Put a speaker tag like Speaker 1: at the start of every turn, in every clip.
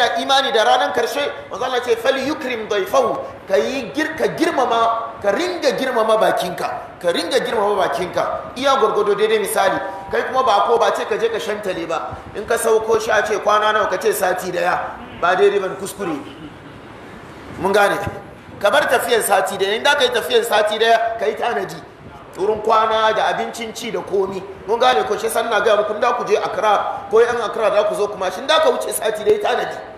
Speaker 1: yana imani da ranar karshe manzo ce fal yukrim ka yi girka girmama ka ringa girmama bakinka ka ringa girmama bakinka iya gwargwado daidai misali kai kuma ba ko ba ce ka je ka shantale ba in ka sauko shi a ce kwana nawa ka ce sati daya ba daidai ban kuskure mun gane ka bar tafiyar sati daya in da ka yi tafiyar sati daya ka yi tanadi. wurin kwana da abincin ci da komi mun gane ko shi sannan ga muku da ku je Accra ko yan Accra da ku zo kuma shin da ka wuce sati ya tanadi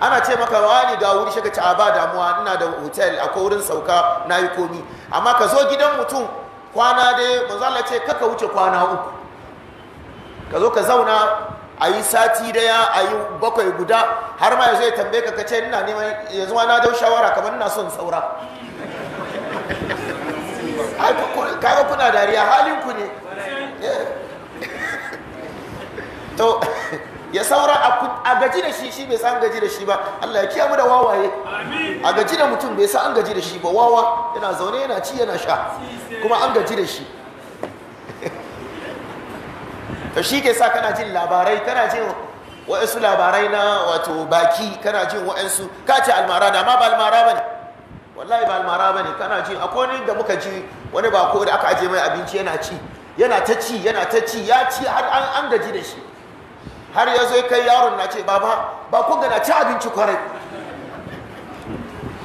Speaker 1: ana ce maka wani ga wuri shiga ci a ba damuwa ina da hotel akwai wurin sauka na yi komi amma ka zo gidan mutum kwana dai manzala ce kaka wuce kwana uku ka zo ka zauna a yi sati daya a yi bakwai guda har ma yanzu ya tambaye ka kace ina neman yanzu ma na dau shawara kamar ina son saura kaga kuna dariya halinku ne eh. ya saura a gaji da shi shi bai san gaji da shi ba Allah ya kiyamu da wawaye a gaji da mutum bai san an gaji da shi ba wawa yana zaune yana ci yana sha kuma an gaji da shi to shi ke sa kana jin labarai kana jin wa'ansu labarai na wato baki kana jin wa'ansu ka ce almara da ma ba almara ba ne wallahi ba almara ba ne kana jin akwai wani da muka ji wani bako da aka aje mai abinci yana ci yana ta ci yana ta ci ya ci har an gaji da shi har ya zo kai yaron na ce baba ba ku gana ci abinci kwarai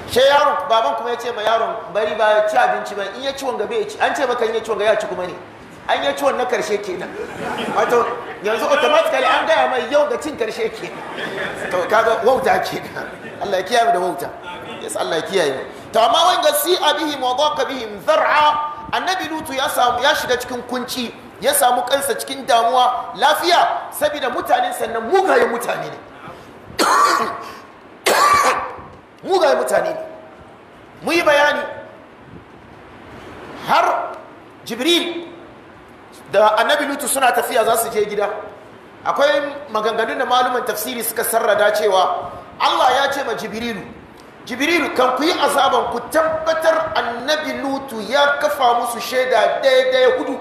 Speaker 1: ce yaron baban kuma ya ce ma yaron bari ba ya ci abinci ba in ya ci wanga bai ci an ce maka in ya ci wanga ya ci kuma ne an ya ci wannan karshe kenan wato yanzu automatically an gaya mai yau da cin karshe kenan to kaga wauta kenan Allah ya kiyaye da wauta yes Allah ya kiyaye to amma wanga si abihi wa dhaqa bihim zar'a annabi lutu ya samu ya shiga cikin kunci ya samu kansa cikin damuwa lafiya saboda mutanen sannan mugayen mutane ne mugayen mutane ne mu yi bayani har jibril da annabi lutu suna tafiya za su je gida akwai maganganun da maluman tafsiri suka sarrada cewa allah ya ce ma jibrilu jibrilu kan ku yi azaban ku tabbatar annabi lutu ya kafa musu shaida daidai hudu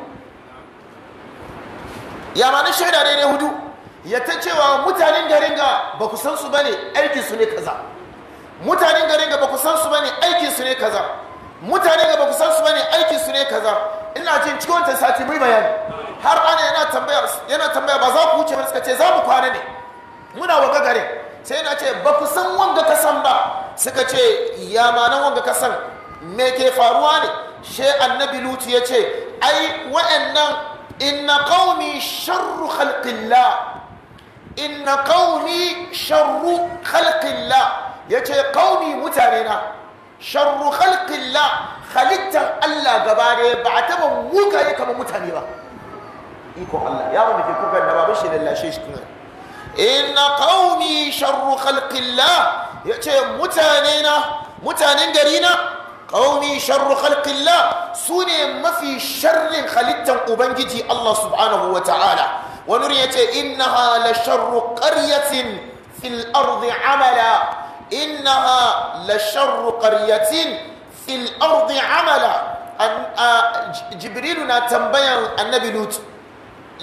Speaker 1: ya ma na shaida ne ne hudu ya ta cewa mutanen garin ga ba ku san su bane aikin su ne kaza mutanen garin ga ba ku san su bane aikin su ne kaza mutanen ga ba ku san su bane aikin su ne kaza ina jin cikin ta sati mai bayani har ana yana tambaya yana tambaya ba za ku wuce ba suka ce za mu kwana ne muna waga garin sai na ce ba ku san wanga kasan ba suka ce ya ma nan wanga kasan me ke faruwa ne shi annabi lutu ya ce ai wa'annan inna qaumi sharru khalqillah inna qaumi sharru khalqillah yace qaumi mutane na sharru khalqillah halittar Allah gaba ne ba a taba mugaye kamar mutane ba iko inna qaumi sharru khalqillah yace mutane mutanen gari na qaumi sharru Su sune mafi sharrin halittan ubangiji Allah subhanahu ta'ala. wani ya ce innaha la sharru qaryatin fil ardi amala innaha la sharru qaryatin fil ardi amala jibrilu na tambayan annabi lut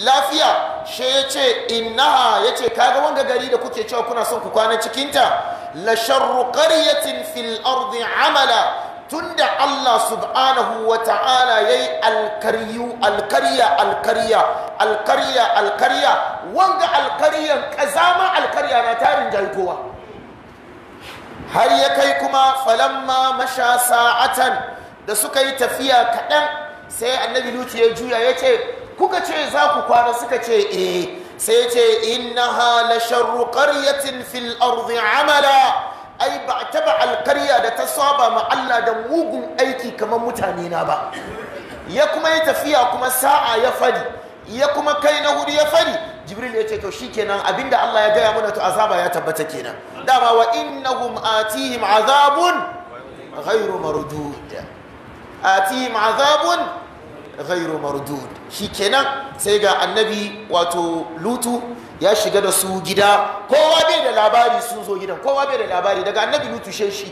Speaker 1: lafiya she ya ce innaha ya ce kaga wanga gari da kuke cewa kuna son ku kwana cikinta la sharru karyatin fil ardi amala tunda Allah subhanahu wa ta'ala ya yi alkaryu alkarya alkarya alkarya alkarya wanga alkaryan kazama alkarya na tarin jaikowa har ya kai kuma falamma masha sa'atan da suka yi tafiya kaɗan sai annabi lutu ya juya ya ce kuka ce za ku kwana suka ce eh sai ya ce innaha la sharru qaryatin fil ardi amala ai ba a taba alkarya da ta saba ma Allah da mugun aiki kamar mutane na ba ya kuma yi tafiya kuma sa'a ya fadi ya kuma kai na hudu ya fadi jibril ya ce to shikenan abinda Allah ya gaya mana to azaba ya tabbata kenan dama wa innahum atihim azabun ghayru mardud atihim azabun mardud shikenan sai ga annabi wato lutu ya shiga da su gida kowa bai da labari sun zo gidan kowa bai da labari daga annabi mutu sheshi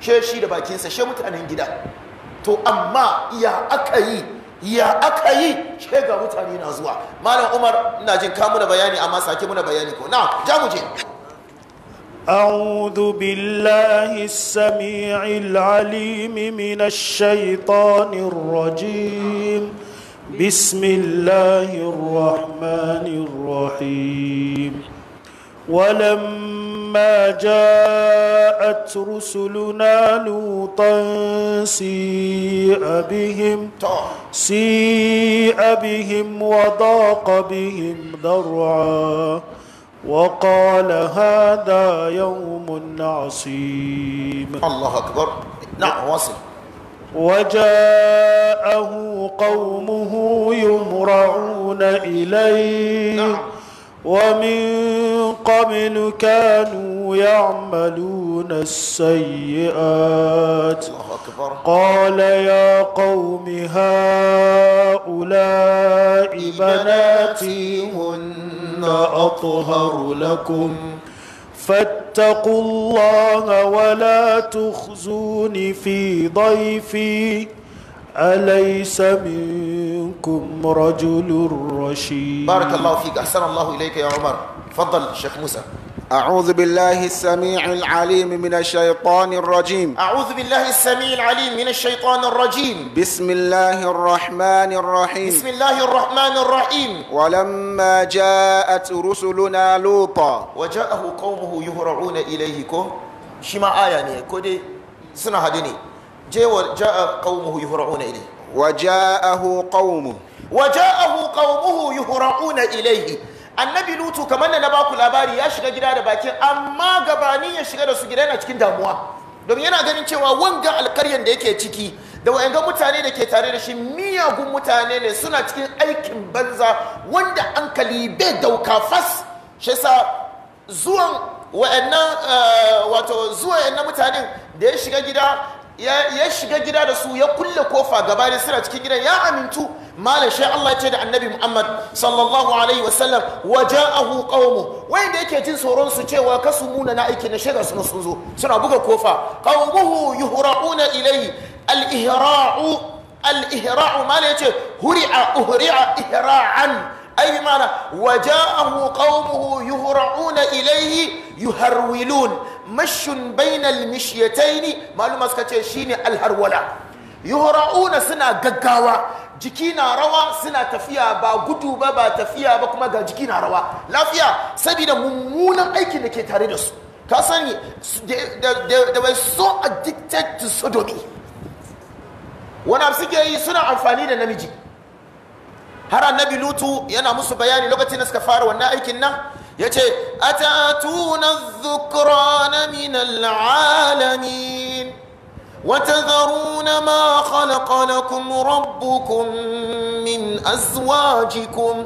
Speaker 1: sheshi da bakinsa she mutanen gida to amma ya aka yi ya aka yi she ga mutane na zuwa malam umar ina jin ka muna bayani amma sake muna bayani ko na ja mu je
Speaker 2: أعوذ بالله السميع العليم من الشيطان الرجيم بسم الله الرحمن الرحيم ولما جاءت رسلنا لوطا سيء بهم سيء بهم وضاق بهم ذرعا وقال هذا يوم عصيب الله أكبر نعم واصل وجاءه قومه يمرعون إليه نعم. ومن قبل كانوا يعملون السيئات قال يا قوم هؤلاء بناتي هن أطهر لكم فاتقوا الله ولا تخزون في ضيفي أليس منكم رجل
Speaker 1: رشيد بارك الله فيك أحسن الله إليك يا عمر فضل الشيخ موسى أعوذ بالله السميع العليم من الشيطان الرجيم أعوذ بالله السميع العليم من الشيطان الرجيم بسم الله الرحمن الرحيم بسم الله الرحمن الرحيم ولما جاءت رسلنا لوطا وجاءه قومه يهرعون إليه كه شما آية كودي سنة هديني جاء قومه يهرعون إليه وجاءه قومه وجاءه قومه يهرعون إليه annabi lutu kamar da na baku labari ya shiga gida da bakin amma gabanin ya shiga da su gida yana cikin damuwa domin yana ganin cewa wanga alkaryan da yake ciki da wa'anga mutane da ke tare da shi miyagun mutane ne suna cikin aikin banza wanda an bai dauka fas shi sa zuwan wa'annan eh, wato zuwa mutanen da ya shiga gida ya shiga gida da su ya kulle kofa gaba suna cikin gidan ya amintu malam shi Allah ya ce da annabi Muhammad sallallahu alaihi wasallam wa ja'ahu qaumu wanda yake jin tsoron su cewa kasu muna na aiki na shiga sun sun zo suna buga kofa qaumuhu yuhra'una ilayhi al-ihra'u al-ihra'u malam ya ce huri'a uhri'a ihra'an ay bi wa ja'ahu qaumuhu yuhra'una ilayhi yuharwilun mashun bainal mishyataini maluma suka ce shine al-harwala yuhra'una suna gaggawa jiki na rawa suna tafiya ba gudu ba ba tafiya ba kuma ga jiki na rawa lafiya saboda mummunan aikin da ke tare da su ka sani da bai so addicted to sodomy wani abu suke yi suna amfani da namiji har annabi lutu yana musu bayani lokacin da suka fara wannan aikin nan ya ce a atatuna na minan alalamin وتذرون ما خلق لكم ربكم من أزواجكم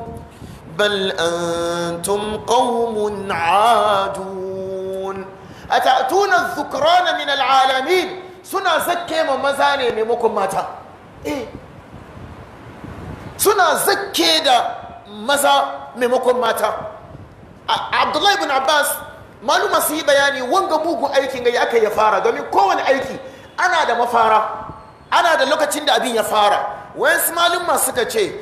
Speaker 1: بل أنتم قوم عادون أتأتون الذكران من العالمين سنة زكي ممزاني ممكن ماتا إيه سنة زكي دا مزا ممكن ماتا عبد الله بن عباس ما su yi يعني wanga أيكي aikin ga ya aka ya fara ana da mafara ana da lokacin da abin ya fara wayansu malumma suka ce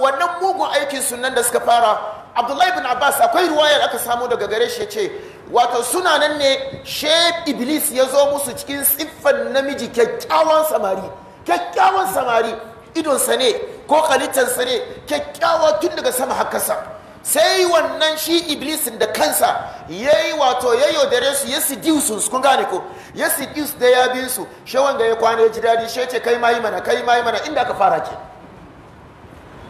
Speaker 1: wannan mugun aikin sunan da suka fara abdullahi bin abbas akwai ruwayar aka samu daga gare shi ce wato suna nan ne she iblis ya zo musu cikin siffan namiji kyakkyawan samari kyakkyawan samari idonsa ne ko kalitansa ne kyakkyawa tun daga sama har kasa sai wannan shi iblisin da kansa ya yi wato ya yaudare su ya sidiusun su kun gane ko ya su da ya bin su shi wanda ya kwana ya ji daɗi shi ce kai mayi mana kai mayi mana inda aka fara ke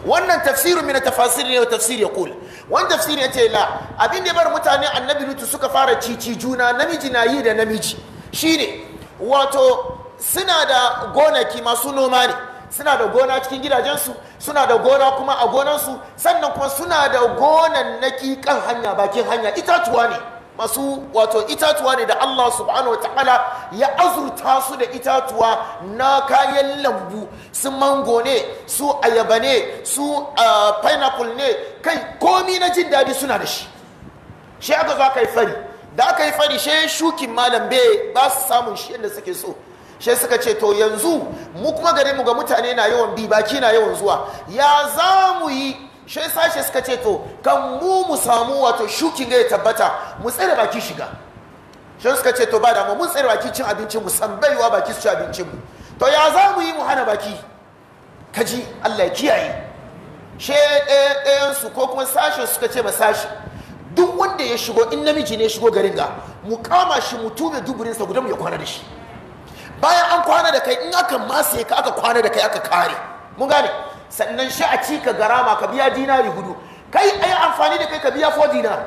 Speaker 1: wannan tafsirin mina tafasir ne wa tafsir ya kula wani tafsir ya ce la abin da bar mutane annabi lutu suka fara cici juna namiji na yi da namiji shine wato suna da gonaki masu noma ne suna da gona cikin gidajensu suna da gona kuma a gonansu sannan kuma suna da gonan naki kan hanya bakin hanya itatuwa ne masu wato itatuwa ne da Allah subhanahu Ta'ala ya azurta su da itatuwa na kayan lambu su mango ne su ayaba ne su uh, pineapple ne kai komi na jin daɗi suna da shi shi aka zo aka yi fari da aka yi fari shi shukin malam bai ba su samun shi yadda suke so shi suka ce to yanzu mu kuma gare mu ga mutane na yawan bi baki na yawan zuwa ya za mu yi shi sashe suka ce to kan mu mu samu wato shukin ga ya tabbata mu tsere baki shiga shi suka ce to ba da mu tsere baki cin abincin mu san baiwa baki su ci abincin mu to ya za mu yi mu hana baki kaji Allah ya kiyaye she ɗaya ɗayan su ko kuma sashen suka ce ma sashi duk wanda ya shigo in namiji ne shigo garin ga mu kama shi mu tube duburinsa guda mu ya kwana da shi bayan an kwana da kai in aka masaye ka aka kwana da kai aka kare mun gane sannan shi a ci ka garama ka biya dinari hudu kai a yi amfani da kai ka biya 4 dinari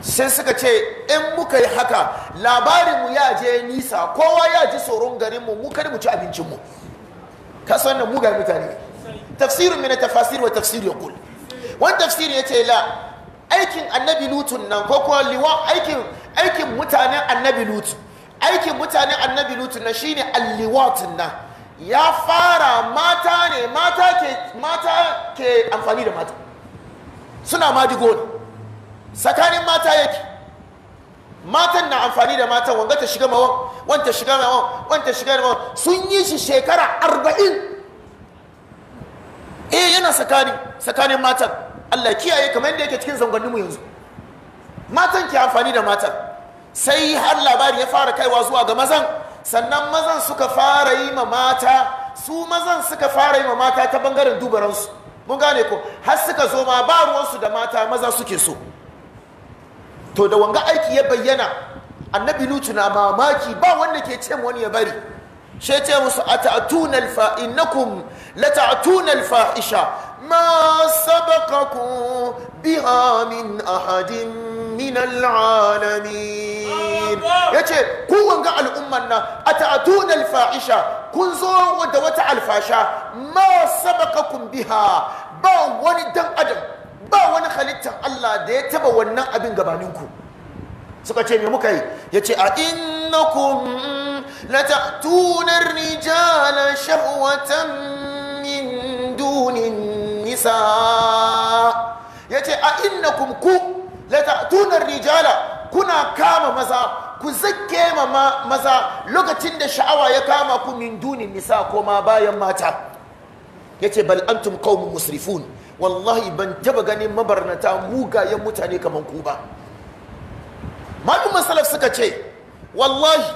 Speaker 1: sai suka ce in muka yi haka labarinmu ya je nisa kowa ya ji tsoron garinmu mu kada mu ci abincinmu kasu wannan muga mutane tafsirin mina tafasir wa tafsir ya kul wani tafsir ya ce la aikin annabi lutun nan ko kuwa liwa aikin mutanen annabi lutun aikin mutanen annabi lutu na shine alliwatin na ya fara mata ne mata ke mata ke amfani da mata suna madigo ne tsakanin mata yake matan na amfani da mata wanga ta shiga mawan wanta shiga mawan wanta shiga mawan sun yi shi shekara arba'in eh yana tsakani tsakanin matan Allah kiyaye kamar yadda yake cikin zangonninmu yanzu matan ke amfani da matan sai har labari ya fara kaiwa zuwa ga mazan sannan mazan suka fara yi ma mata su mazan suka fara yi ma mata ta bangaren dubaransu mun gane ko har suka zo ma ba ruwansu da mata maza suke so to da wanga aiki ya bayyana annabi lutu na mamaki ba wanda ke ce wani ya bari she ce musu a ta'atunan fa'inakun لتعتون الفاحشة ما سبقكم بها من أحد من العالمين يجي كون قال الأمة أتعتون الفاحشة كن زور ودوت الفاشا ما سبقكم بها با وني دم أدم با وني خليت الله دي تبا ونن أبن قبانينكم suka ce me muka yi yace a innakum lata'tuna rijala shahwatan min dunin nisa yace a innakum ku lata'tuna rijala kuna kama maza ku zake ma maza lokacin da sha'awa ya kama ku min dunin nisa ko ma bayan mata yace bal antum qaumun musrifun wallahi ban taba ganin mabarnata mugayen mutane kamar ku ba malumin salaf suka ce wallahi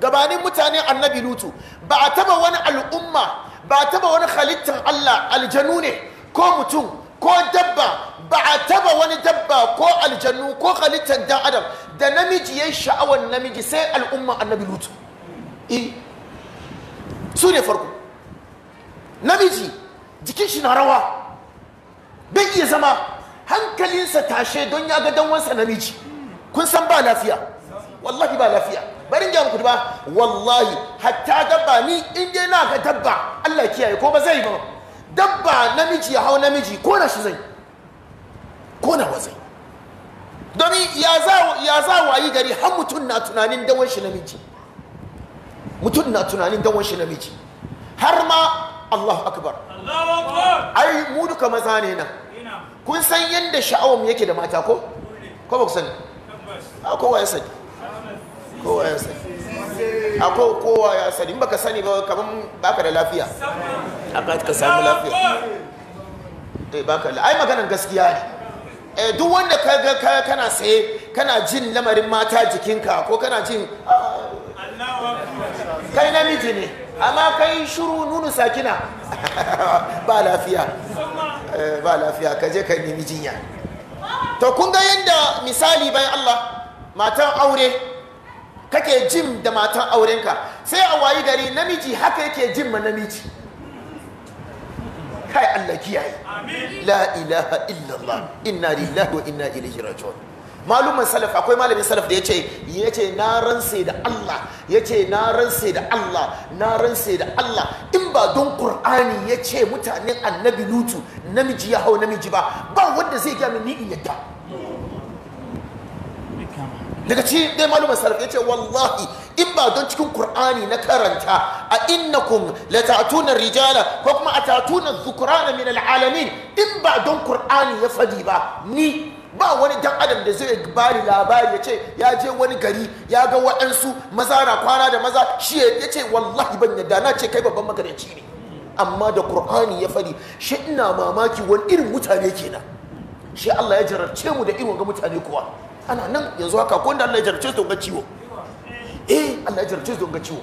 Speaker 1: gabanin mutane annabi lutu ba a taba wani al'umma ba a taba wani halittar allah aljanu ne ko mutum ko dabba ba a taba wani dabba ko aljannu ko halittar dan adam da namiji ya sha'awar namiji sai al'umma annabi lutu e, su ne farko namiji jikin shi na rawa bai iya zama hankalinsa tashe don ya ga danwansa namiji kun san ba lafiya wallahi ba lafiya barin gyan ku ba wallahi hatta dabba ni in dai na ga dabba Allah kiyaye ko ba zai ba dabba namiji ya hau namiji ko na shi zai ko na wa zai domin ya za ya za wayi gari har mutum na tunanin dawon shi namiji mutum na tunanin dawon shi namiji har ma Allahu akbar Allahu akbar ai mu duka maza ne nan kun san yadda sha'awum yake da mata ko ko ba ku sani a ah, kowa ya sani kowa ya sani a kowa ya sani in ka sani ba kamar baka da lafiya a ka sami lafiya eh baka da ai maganin gaskiya ne eh duk wanda ka ga kana saye kana jin lamarin mata jikinka ko kana jin ah, kai namiji ne amma kai shuru nunu sakina ba lafiya eh, ba lafiya ka je ka nemi jinya to kun ga yadda misali bayan Allah matan aure kake jin da matan aurenka sai a wayi gari namiji haka yake jin ma namiji kai Allah kiyaye la ilaha illallah inna lillahi wa inna ilaihi raji'un malumin salaf akwai malamin salaf da yace yace na ransa da Allah yace na ransa da Allah na ransa da Allah in ba don Qur'ani yace mutanen annabi Lutu namiji ya hau namiji ba ba wanda zai ga ni in yadda daga ci dai malumin ya ce wallahi in ba don cikin qur'ani na karanta a innakum la ta'tuna rijala ko kuma a ta'tuna dhukrana min alalamin in ba don kur'ani ya fadi ba ni ba wani dan adam da zai bari labari ya ce ya je wani gari ya ga waɗansu maza na kwana da maza shi ya ce wallahi ban yadda na ce kai babban magareci ne amma da qur'ani ya fadi shi ina mamaki wani irin mutane kenan shi Allah ya jararce mu da irin ga mutane kuwa ana nan yanzu haka ko da Allah ya jarce su ga ciwo eh Allah ya jarce su ga ciwo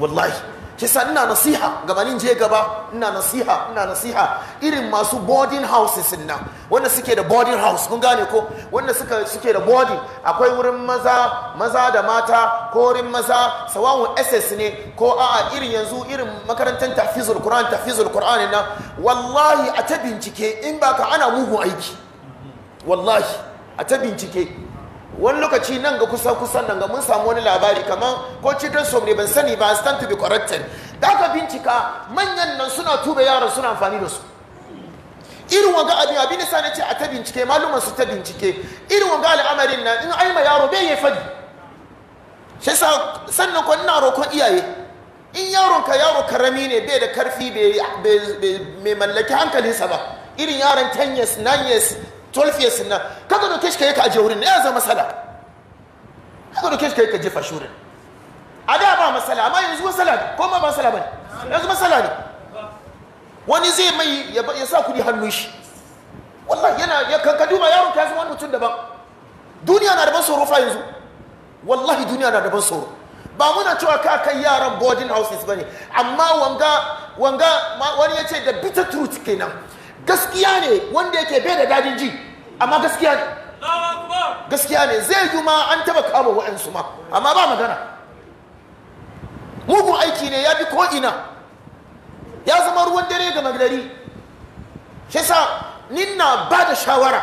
Speaker 1: wallahi kisa ina nasiha gabanin je gaba ina nasiha ina nasiha irin masu boarding houses na wanda suke da boarding house kun gane ko wanda suka suke da boarding akwai wurin maza maza da mata ko wurin maza sawawu ss ne ko a'a irin yanzu irin makarantar tafizul qur'an tafizul qur'an na wallahi a ta bincike in baka ana mugu aiki wallahi a ta bincike wani lokaci nan ga kusa kusan nan ga mun samu wani labari kamar ko cikin som ne ban sani ba stand to be corrected da aka bincika manyan nan suna tuba yaran suna amfani da su irin wanga abin abin nisa na ce a ta bincike maluman su ta bincike irin wanga al'amarin nan in ai ma yaro bai yi fadi shi sa sannan ko ina roƙon iyaye in yaron ka yaro karami ne bai da karfi bai mallaki hankalinsa ba irin yaron 10 years 9 years 12 years na kaga doke shi kai ka aje wurin ya zama masala kaga da shi kai ka jefa shurin a da ba masala amma yanzu masala ko ma ba masala bane yanzu masala ne wani zai mai ya sa kudi hannu shi wallahi yana ya kanka duba yaron ka zama wani mutum daban duniya na daban tsoro fa yanzu wallahi duniya na daban tsoro ba muna cewa ka kai yaran boarding houses bane amma wanga wanga wani ya ce da bitter truth kenan gaskiya ne wanda yake bai da dadin ji amma gaskiya ne gaskiya ne zai yi ma an taba kama wa'ansu ma amma ba magana mugun aiki ne ya bi ko'ina ya zama ruwan dare ga magdari shi sa ninna ba da shawara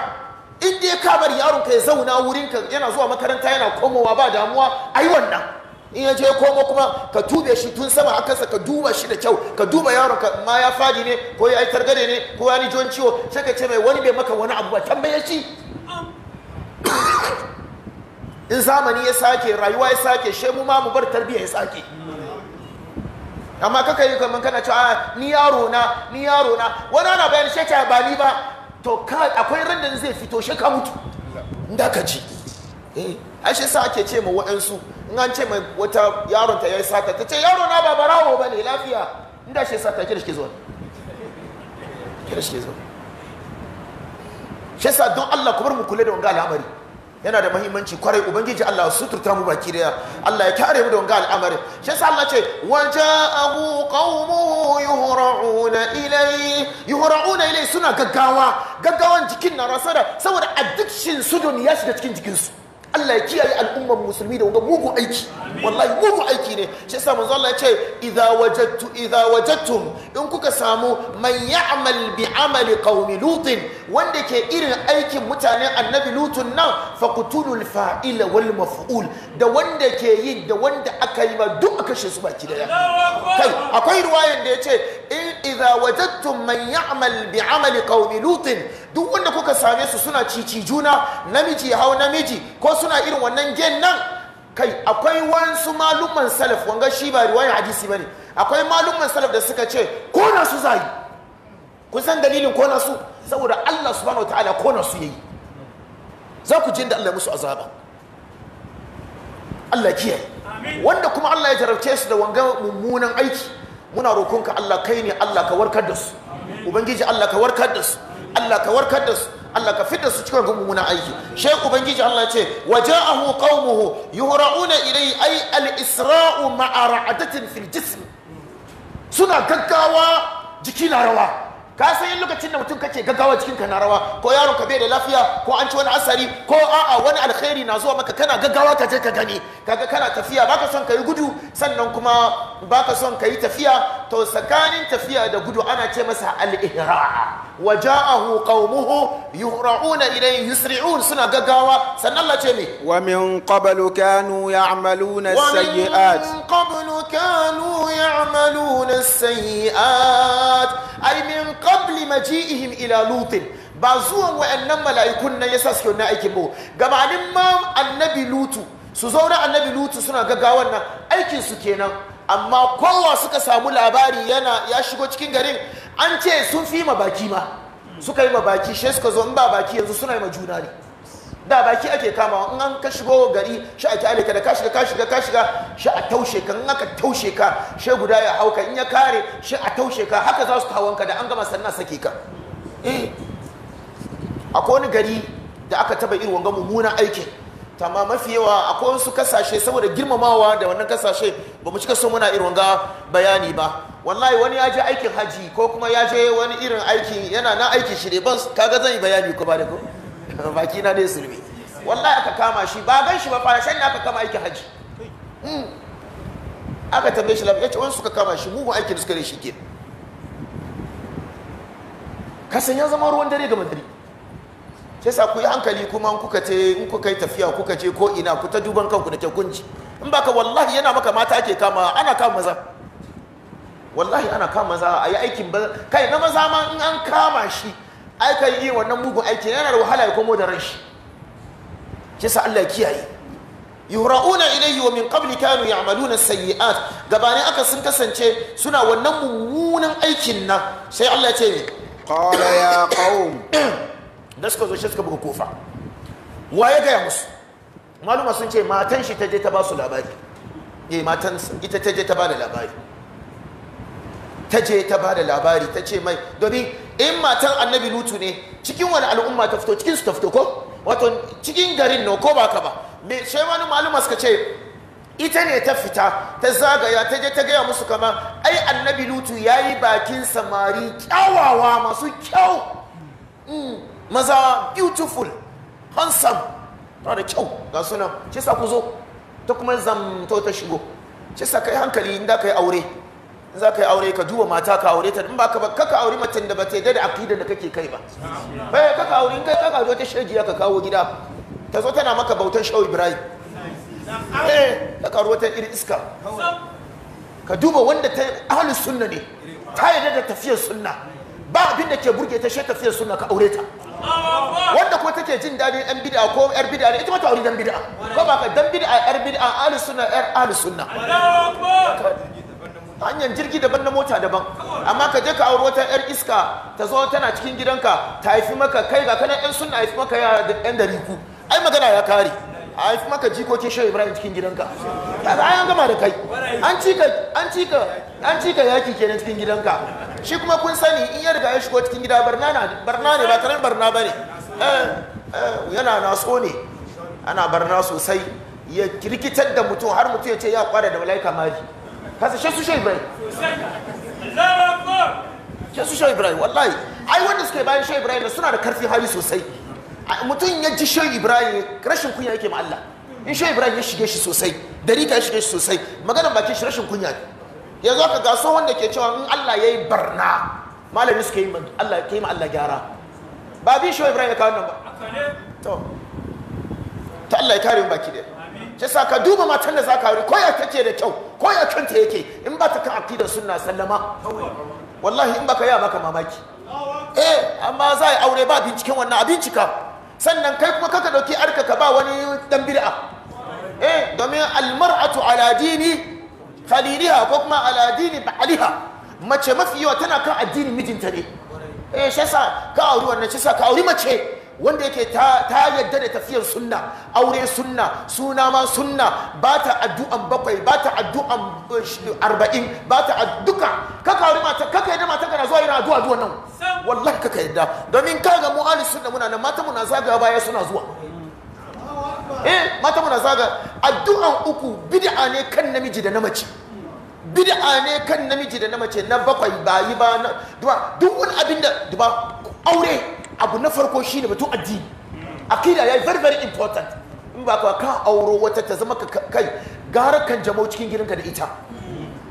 Speaker 1: in dai kamar yaron ka ya zauna wurinka yana zuwa makaranta yana komowa ba damuwa ai wannan in ya je komo kuma ka tube shi tun sama akansa ka duba shi da kyau ka duba yaro ka ma ya faji ne ko ya yi targade ne ko ya ni jon ciwo sai ka ce mai wani bai maka wani abu ba tambaye shi in zamani ya sake rayuwa ya sake shi mu ma mu bar tarbiyya ya sake amma kaka yi kamar kana cewa ni yaro na ni yaro na wani ana bayan shi ta ba ni ba to ka akwai randa zai fito shi ka mutu da ji eh ashe sa ake ce ma waɗansu in an ce mai wata yaron ta yi sata ta ce yaro na ba barawo ba ne lafiya inda shi sata kira shi zuwa kira shi zuwa shi sa don Allah kubar mu kula da wanga al'amari yana da mahimmanci kwarai ubangiji Allah turta mu baki da Allah ya kare mu da wanga al'amari shi sa Allah ce abu qaumuhu yuhra'una ilai yuhra'una ilai suna gaggawa gaggawan jikin na rasara saboda addiction su duniya shiga cikin jikinsu Allah ya kiyaye al'ummar musulmi da mugu aiki wallahi mugu aiki ne shi yasa manzo Allah ya ce idza wajadtu idza wajadtum in kuka samu man ya'mal bi amali qaumi lutin wanda ke irin aikin mutanen annabi lut nan al fa'il wal maf'ul da wanda ke yi da wanda aka yi ma duk aka shi su baki daya kai akwai riwayan da yace in idza wajadtum man ya'mal bi amali qaumi lutin duk wanda kuka same su suna cici juna namiji hau namiji ko su suna irin wannan gen nan kai akwai wansu malumman salaf wanga shi ba riwayar hadisi bane akwai malumman salaf da suka ce kona su zai kun san dalilin kona su saboda Allah subhanahu wataala kona su yayi za ku jin da Allah musu azaba Allah kiyaye wanda kuma Allah ya jarabce su da wanga mummunan aiki muna rokonka Allah kai ne Allah ka warkar da su ubangiji Allah ka warkar da su Allah ka warkar da su Allah ka fitar su cikin mummunan aiki shai ubangiji Allah ya ce waja'ahu qaumuhu yuhra'una ilayhi ay al-isra'u ma'a ra'adatin fil jism suna gaggawa jiki na rawa ka san yin lokacin da mutum kake gaggawa jikin ka na rawa ko yaron ka bai da lafiya ko an ci wani asari ko a'a wani alkhairi na zuwa maka kana gaggawa ka je ka gani kaga kana tafiya baka son ka yi gudu sannan kuma baka son ka yi tafiya to tsakanin tafiya da gudu ana ce masa al-ihra wa ja'ahu qaumuhu yuhra'una ilayhi yusri'un suna gaggawa sannan Allah ce ne wa min qablu kanu ya'maluna as-sayyi'at wa min qablu kanu ya'maluna as-sayyi'at ay min qabli maji'ihim ila lutin ba zuwan wa'annan mala'ikun nan yasa suke wannan aikin ba gabanin ma annabi lutu su zauna annabi lutu suna gaggawan nan aikin su kenan amma kowa suka samu labari yana ya shigo cikin garin an ce sun fi ma baki ma suka yi ma baki shi suka zo in ba baki yanzu suna yi ma juna ne da baki ake kama in an ka shigo gari shi a kyale ka da ka shiga ka shiga ka shiga shi a taushe ka in aka taushe ka shi guda ya hauka in ya kare shi a taushe ka haka za su kawonka da an gama sannan sake ka eh akwai wani gari da aka taba irin wanga mummunan aikin tamma mafi yawa akwai wasu kasashe saboda girmamawa da wannan kasashe ba mu cika so muna irin ga bayani ba wallahi wani ya je aikin haji ko kuma ya je wani irin aikin yana na aikin shi ne ban kaga zan yi bayani ko ba da ko baki na dai sulmi wallahi aka kama shi ba gan shi ba fara shan aka kama aikin haji hmm. aka tambaye shi lafiya ce wani suka kama shi mugun aikin da suka ne shi ke kasan ya zama ruwan dare ga madari sai sa ku yi hankali kuma in kuka ce in kuka yi tafiya kuka ce ko ina ku ta duban kanku da kunji in baka wallahi yana maka mata ake kama ana kama maza wallahi ana kama maza a yi aikin ba kai na maza ma in an kama shi aikan yi wannan mugun aikin yana da wahala ya komo da ran shi shi sa Allah ya kiyaye yura'una ilayhi wa min qabli kanu ya'maluna sayyi'at Gabanin aka sun kasance suna wannan mummunan aikin nan sai Allah ya ce qala ya qaum da suka zo shi suka buga kofa wa ya gaya musu maluma sun ce matan shi ta je ta ba su labari ne eh, matan ita ta je ta ba da labari ta je ta ba da labari ta ce mai domin in matan annabi lutu ne cikin wani al'umma ta fito cikin su ta fito ko wato cikin garin no ko ba ka ba me sai wani maluma suka ce ita ne ta fita ta zagaya ta je ta gaya musu kama ai annabi lutu ya yi bakin samari kyawawa masu kyau hmm. maza beautiful handsome tana da kyau ga sunan ce sa ku zo ta kuma zamto ta shigo ce sa kai hankali in da ka yi aure in za ka yi aure ka duba mata ka aure ta in ba ka ba kaka aure mata da ba ta da akidar da kake kai ba bai eh, kaka aure in kai kaka zo ta shegiya ka kawo gida ta zo tana maka bautan shawo ibrahim eh kaka aure wata iri iska ka duba wanda ta ahlus sunna ne ta yarda da tafiyar sunna ba abin da ke burge ta shi tafiyar sunna ka aure ta wanda ko take jin daɗin yan bid'a ko yar bid'a ne ita ma ta aure dan bid'a ko ba ka dan bid'a bid'a sunna sunna hanyar jirgi daban na mota daban amma ka je ka auri wata yar iska ta zo tana cikin gidanka ta haifi maka kai ga kana yan sunna haifi maka yara yan dariku ai magana ya kare a haifi maka jikokin shehu ibrahim cikin gidanka a an gama da kai an cika an cika an cika yaki kenan cikin gidanka shi kuma kun sani in ya riga ya shigo cikin gida barna ne ba tarin barna bane ne. Eh, eh, yana so ne ana barna sosai ya rikitar da mutum har mutum ya ce ya kwada da malaika maji kasa su shehu ibrahim su shehu ibrahim wallahi ai wanda suke bayan shehu ibrahim suna da karfi hali sosai mutum ya ji shan ibrahim rashin kunya yake ma Allah in shan ibrahim ya shige shi sosai darika ya shige shi sosai maganar baki shi rashin kunya ne yanzu aka gaso wanda ke cewa in Allah ya yi barna malami suka yi Allah ke yi ma Allah gyara ba bi shi ibrahim ya kawo nan ba to ta Allah ya kare mu baki daya shi sa ka duba matan da za ka aure ko ya take da kyau ko ya kanta yake in ba ta kan aqidar sunna sallama wallahi in baka ya maka mamaki eh amma za a aure ba binciken wannan a bincika sannan kai kuma kaka dauki arka ka ba wani dan bid'a eh domin almar'atu ala dini khaliliha ko kuma ala dini mace mafi yawa tana kan addinin mijinta ne eh shi ka auri wannan shi ka auri mace wanda yake ta yadda da tafiyar sunna aure sunna suna ma sunna ba ta addu'an bakwai ba ta addu'an eh, arba'in ba ta duka kaka wani mata kaka yadda mata kana zuwa yana addu'a addu'a nan wallahi kaka yadda domin ka ga mu'ali sunna muna nan mata muna zaga baya suna zuwa eh mata muna zaga addu'an uku bid'a ne kan namiji da na mace bid'a ne kan namiji da na mace na bakwai bayi ba na duk wani abin da duba aure abu na farko shi ne batun addini akida yi very very important in ba ka ka auro wata ta zama kai gara kan jama'u cikin girinka da ita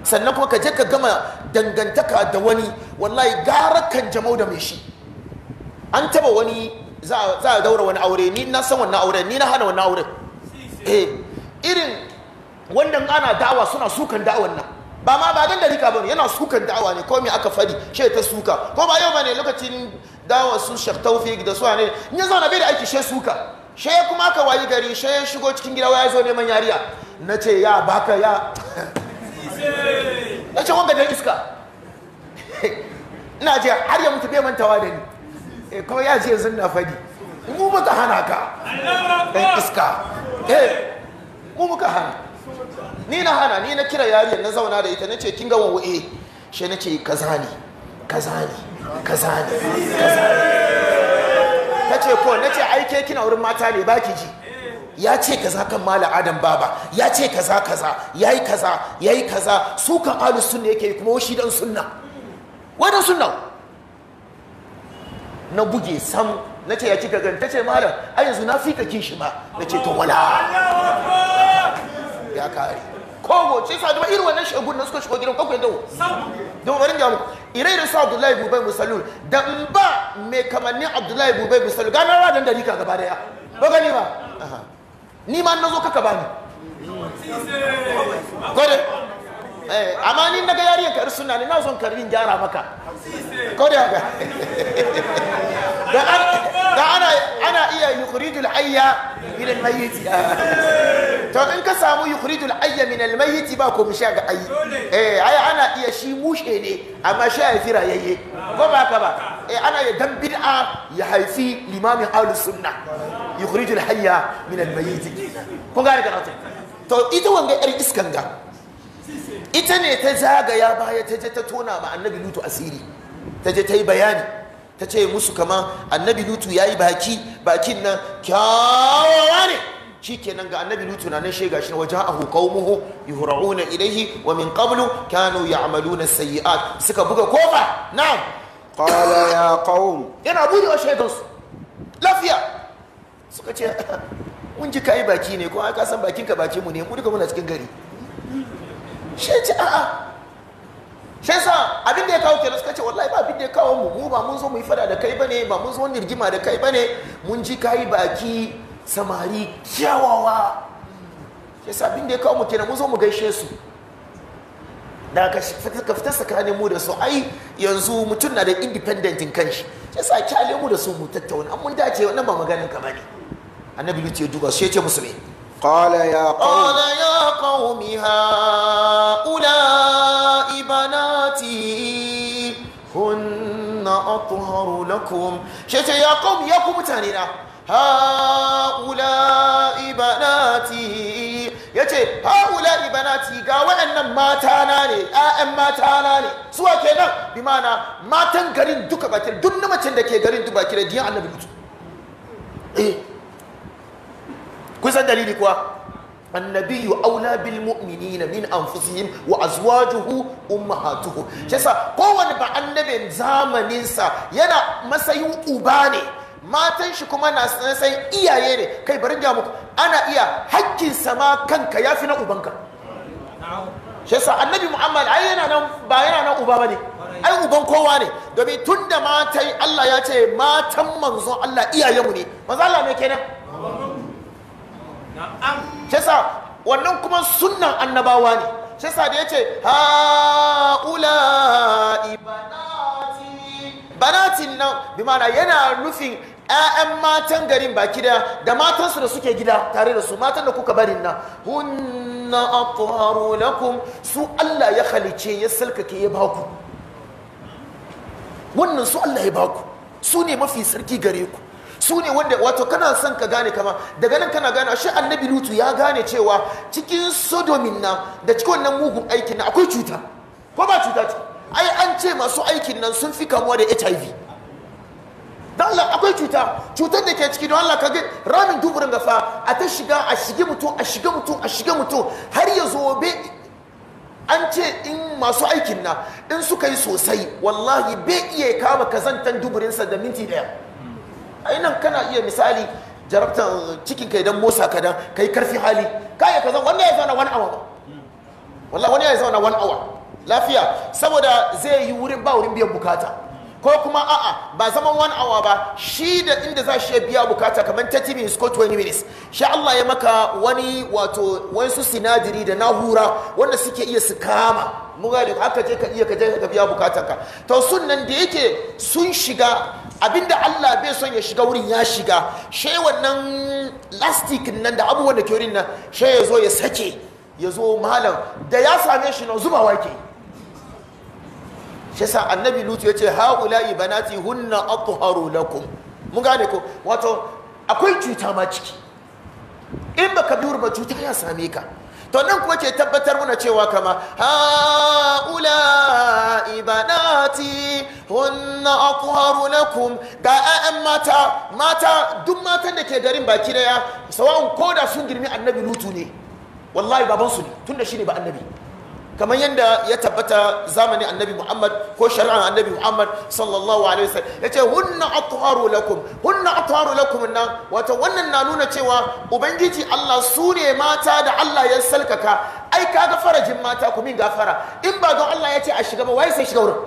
Speaker 1: sannan kuma ka je ka gama dangantaka da wani wallahi gara kan jama'u da mai shi an taba wani za a daura wani aure ni na san wannan aure ni na hana wannan aure eh irin wannan ana da'awa suna sukan da'awan nan ba ma ba dan dalika bane yana sukan da'awa ne ko me aka fadi shi ta suka ko ba yau bane lokacin dawa su shek taufik da su ne in yi zauna bai da aiki she suka she kuma ka wayi gari she ya shigo cikin gida ya zo neman yariya na ce ya baka ya na ce wanga da iska ina je har ya mutu bai mantawa da ni eh, kuma ya ce zan na fadi mu muka hana ka dan iska e mu muka hana ni na hana ni na kira yariya na zauna da ita na ce kin ga wawo eh she na ce kaza ne kaza ne kaza ne kaza ne ta ce ko na ce aike kina wurin mata ne baki ji ya ce kaza kan mala adam baba ya ce kaza kaza ya yi kaza ya yi kaza su kan alu sunna yake kuma shi dan sunna wadda sunna na buge sam na ce ya kika gani ta ce malam a yanzu na fi ka shi ba. na ce to wala ya kare kogo ce sa duba irin wannan shegun nan suka shigo gidan kwakwai dawo don barin jamu ire-iren su abdullahi bubai musallu da in ba mai kamannin abdullahi bubai musallu ganar ranar dari ka gaba daya ba gani ba ni ma na zo kaka ba ni gwada eh, amma ni na ga yariyar kari suna ne na son karin gyara maka gwada ga da ana ana iya yukhrijul hayya min al mayyit to in ka samu yukhrijul hayya min al mayyit ba ko musha ga ayi eh ai ana iya shi mushe ne amma shi ya fira yayye ko ba ka ba eh ana ya dan bid'a ya haifi limamin ahlus sunna yukhrijul hayya min al mayyit ko ga ka to ita wanga yar iskan ga ita ne ta zagaya baya ta je ta tona ba annabi lutu asiri ta je ta yi bayani ta ce musu kama annabi lutu ya yi baki bakin nan kyawawa ne shi kenan ga annabi lutu na nan shega shi wajen ahu hura'u na ilaihi wa min qablu kanu na sayi'a suka buga kofa na. qala ya qaum yana buri wa shaidan lafiya suka ce mun ji kayi baki ne ko ka san bakin ka baki mu ne mu duka muna cikin gari shi ce a'a shi yasa abin da ya kawo kenan suka ce wallahi ba abin da ya kawo mu mu ba mun zo mu yi fada da kai bane ba mun zo nirjima da kai bane mun ji kayi baki samari kyawawa shi yasa abin da ya kawo mu kenan mun zo mu gaishe su da ka fita tsakanin mu da su ai yanzu mutum na da in kanshi shi yasa kyale mu da su mu tattauna an mun dace wannan ba maganin ka bane annabi lutu ya duba su ya ce musulmi قال يا قوم قال يا قوم هؤلاء بناتي هن أطهر لكم شيخ يا قوم يا قوم تانينا هؤلاء بناتي yace haula ibanati ga waɗannan mata na ne ƴaƴan mata na ne suwa kenan bi mana matan garin duka bakin duk na macen da ke garin duka bakin da diyan annabi eh kun dalili kuwa annabi aula bil mu'minina min anfusihim wa azwajuhu ummahatuhu shi yasa kowanne ba annabin zamanin sa yana masayin uba ne matan shi kuma na san iyaye ne kai bari ga ana iya hakkin sama ma kanka yafi na ubanka shi yasa annabi muhammad ai yana nan ba yana nan uba bane ai uban kowa ne domin tunda matai Allah ya ce matan manzon Allah iyayenmu ne manzo Allah me kenan shi wannan kuma sunnan annabawa ne shi yasa da yace haula
Speaker 3: banati
Speaker 1: banatin nan bimana yana nufin ‘ya'yan matan garin baki da da matansu da suke gida tare da su matan da kuka barin nan hunna atharu lakum su Allah ya halice ya salkake ya baku wannan su Allah ya baku su ne mafi sarki gare ku su ne wanda wato kana son ka gane kama daga nan kana gane ashe annabi lutu ya gane cewa cikin sodomin nan da cikin wannan mugun aikin nan akwai cuta ko ba cuta ce ai an ce masu aikin nan sun fi kamuwa da hiv don Allah akwai cuta cutar da ke ciki don Allah ga ramin duburin gafa a ta shiga a shige mutum a shige mutum a shige mutum har ya zo be an ce in masu aikin nan in suka yi sosai wallahi bai iya kama kazantan duburinsa da minti daya ainihin kana iya misali jarabtar cikin ka idan motsa ka dan yi karfi hali kai ka zan wani ya zauna one hour wallah wani ya zauna one hour lafiya saboda zai yi wurin ba wurin biyan bukata ko kuma a'a ba zaman one hour ba shi da inda za shi biya bukata kamar 30 minutes ko 20 minutes sha Allah ya maka wani wato wasu sinadiri da nahura wanda suke iya su kama mugari haka je ka iya ka je ka biya bukatanka to sunnan da yake sun shiga abinda Allah bai son ya shiga wurin ya shiga shai wannan lastik nan da abubuwan da ke wurin nan shai ya zo ya sake ya zo malam da ya same shi na zuba wake shi sa annabi lutu ya ce ha'ula'i banati hunna atuharu lakum mun gane ko wato akwai cuta ma ciki in ba ka biyu ba cuta ya same ka to nan kuwa ke tabbatar muna cewa kama haƙula banati hunna aqharu lakum ga ayyan mata mata duk matan da ke garin baki daya sawa'un ko da sun girmi annabi lutu ne wallahi babansu ne tunda shine ba annabi kamar yadda ya tabbata zamani annabi muhammad ko shari'ar annabi muhammad sallallahu alaihi wasallam ya ce hunna atharu lakum hunna atharu lakum nan wato wannan na nuna cewa ubangiji allah su ne mata da allah ya salkaka ai kaga farajin mata ku min gafara in ba don allah ya ce a shiga ba wai sai shiga wurin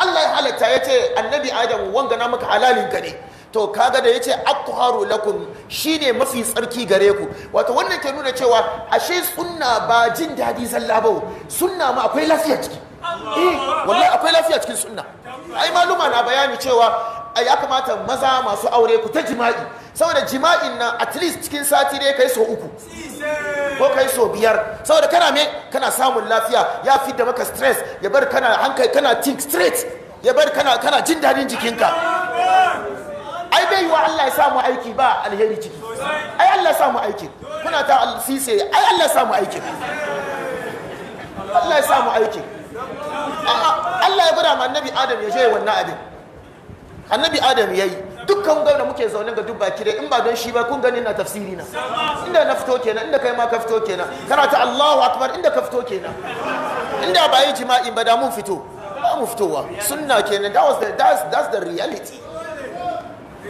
Speaker 1: allah ya halatta ya ce annabi adam wanga na maka halalin ka ne to kaga da yace at-taharu lakum shine mafi tsarki gare ku wato wannan ke nuna cewa ashe sunna ba jin dadi zalla ba sunna ma akwai lafiya ciki eh wallahi akwai lafiya cikin sunna ai maluma na bayani cewa ya kamata maza masu aure ku ta jima'i saboda jima'in na at least cikin sati dai kai so uku ko kai so biyar saboda kana me kana samun lafiya ya fi da maka stress ya bar kana hankali kana think straight ya bar kana kana jin dadin jikinka ai bai yiwa Allah ya samu aiki ba alheri ciki ai Allah ya samu aiki kuna ta sise ai Allah ya samu aiki Allah ya samu aiki Allah ya gura ma annabi Adam ya je wannan abin annabi Adam ya yi dukkan gwamna muke zaune ga dubba kire in ba don shi ba kun gani na tafsiri na inda na fito kenan inda kai ma ka fito kenan kana ta Allahu akbar inda ka fito kenan inda ba yi jima'i ba da mun fito ba mu fitowa sunna kenan that was the that's, that's the reality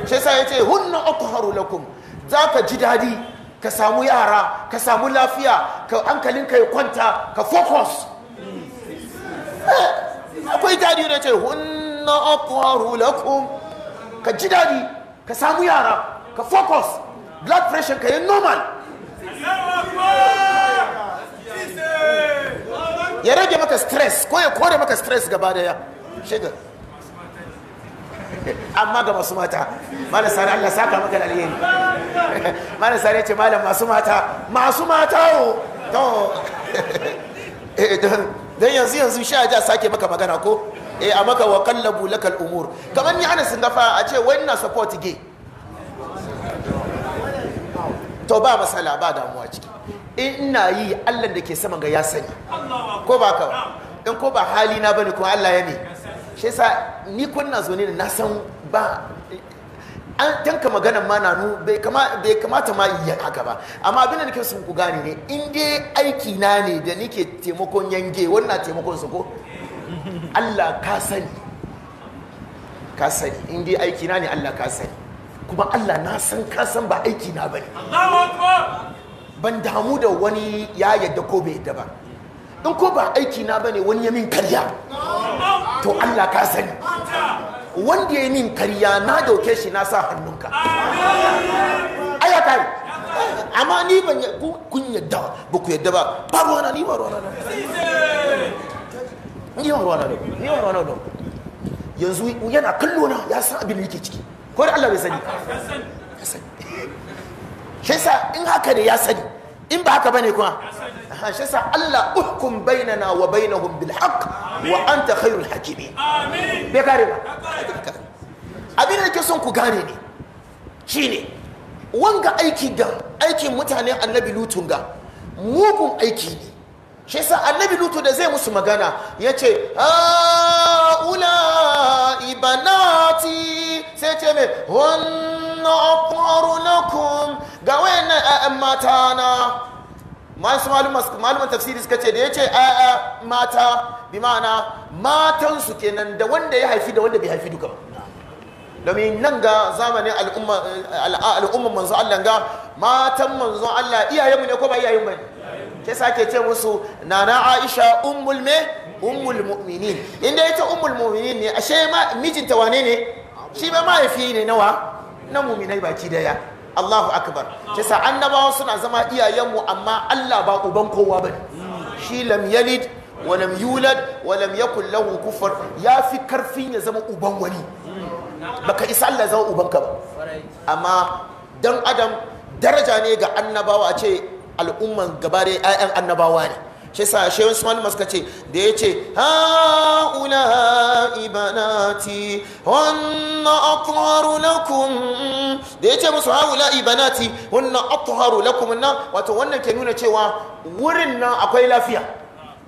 Speaker 1: shi ya ce hunna atharu lakum zaka ji dadi ka samu yara ka samu lafiya ka hankalinka ya kwanta ka focus eh, akwai dadi ne ce hunna atharu lakum ka ji dadi ka samu yara ka focus blood pressure ka yi normal ya rage maka stress ko ya kore maka stress gaba daya shiga amma ga masu mata malam sani allah saka maka da alheri malam sani ce malam masu mata masu mata o to eh, don yanzu yanzu sha ja sake maka magana ko eh a maka wa kallabu lakal umur kamar ni ana sun dafa a ce wani na support gay to ba masala ba damuwa ciki ina yi allah da ke saman ga ya sani ko ba ka in ko ba hali na bane ko allah ya ne shi yasa ni kunna zo ne na san ba an tanka magana ma na nu bai kamata ma yi haka ba amma abin da nake sun ku gane ne in dai aiki na ne da nake taimakon yange wannan taimakon su ko Allah ka sani ka sani in dai aiki na ne Allah ka sani kuma Allah na san ka san ba aiki na bane ban damu da wani ya yadda ko bai yadda ba in ko ba aiki na bane wani ya min karya to Allah ka sani wanda ya min karya na dauke shi na sa hannunka aya ta yi amma ni ban kun yadda ba ku yadda ba ba ruwana ni ba ruwana na ni ba ruwana na ni ba ruwana na yanzu yana kallo na ya san abin da yake ciki ko da Allah bai sani ya sani shi yasa in haka ne ya sani in ba haka bane kuma shi sa Allah uhkum bainana wa bainahum bil haqq wa anta khairul hakimin
Speaker 3: amin
Speaker 1: be kare ba abin da ke son ku gane ne shine wanga aiki ga aikin mutanen annabi lutun ga mugun aiki ne shi sa annabi lutu da zai musu magana ya ce ula ibanati sai ce mai wannan akwaru kun ga wayannan 'ya'yan na. masu malumin tafsiri suka ce da ya ce ‘ya'ya mata bi ma'ana matansu kenan da wanda ya haifi da wanda bai haifi duka ba domin nan ga zamanin al'umman manzo Allah ga matan manzo Allah iyayenmu ne ko ba iyayen ba ke sake ce musu nana Aisha ummul me ummul mu'minin inda ita ummul mu'minin ne ashe mijinta wane ne shi ba mahaifi ne nawa na mu'minai baki daya Allahu akbar kisa annabawa suna zama iyayenmu amma Allah ba uban kowa bane shi lam yalid wa lam yulad wa lam yakul lahu kufuwan ya fi karfin ya zama uban wani baka isa Allah zama ubanka ba amma dan adam daraja ne ga annabawa a ce al'umman gaba da 'ya'yan annabawa ne shi sa shi wasu masu ce da ya ce ha'ula ibanati wannan atharu lakum da ya ce musu ha'ula ibanati wannan atharu lakum na wato wannan ke nuna cewa wurin nan akwai lafiya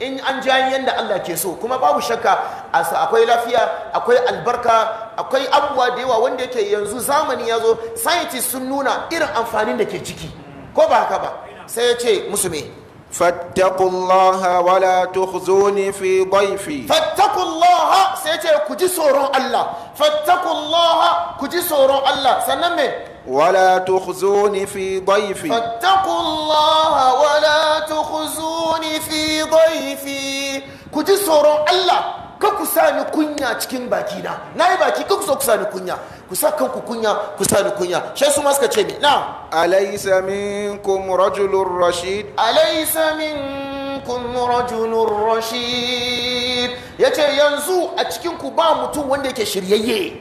Speaker 1: in an hanyar da Allah ke so kuma babu shakka a akwai lafiya akwai albarka akwai abubuwa da yawa wanda yake yanzu zamani ya zo scientists sun nuna irin amfanin da ke ciki ko ba haka ba sai ya ce musu me فاتقوا الله ولا تخزوني في ضيفي فاتقوا الله سيتي كجي سورون الله فاتقوا الله كجي سورون الله سنمي ولا تخزوني في ضيفي فاتقوا الله ولا تخزوني في ضيفي كجي سورون الله ka ku sani kunya cikin baki na na yi baki ka ku so ku sani kunya ku sa kanku kunya ku sani kunya shi su masu kace ne na alaysa minkum rajulun rashid alaysa minkum rajulun rashid yace yanzu a cikin ku ba mutum wanda yake shiryayye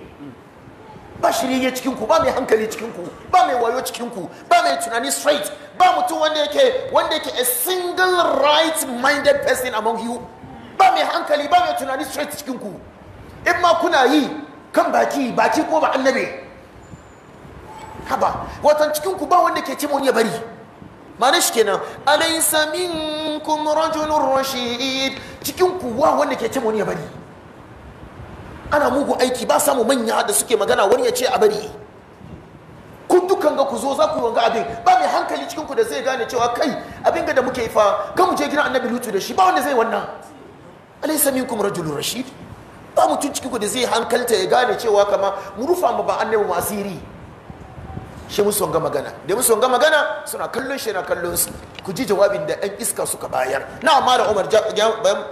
Speaker 1: ba shiryayye cikin ku ba mai hankali cikin ku ba mai wayo cikin ku ba mai tunani straight ba mutum wanda yake wanda yake a single right minded person among you ba mai hankali ba mai tunani straight cikin ku in ma kuna yi kan baki baki ko ba annabe haba watan cikin ku ba wanda ke ce mun ya bari ma'ana shi kenan alaysa minkum rajulun rashid cikin ku wa wanda ke ce mun ya bari ana mugu aiki ba samu manya da suke magana wani ya ce a bari ku dukkan ga ku zo za ku wanga abin ba mai hankali cikin ku da zai gane cewa kai abin ga da muke fa kan mu je gidan annabi lutu da shi ba wanda zai wannan alaysa minkum Rajulu rashid ba mutum cikin ku da zai hankalta ya gane cewa kama mu rufa mu ba annabi mu asiri shi mun songa magana da mun songa magana suna kallon shi na kallon su ku ji jawabin da ɗan iska suka bayar na amma da umar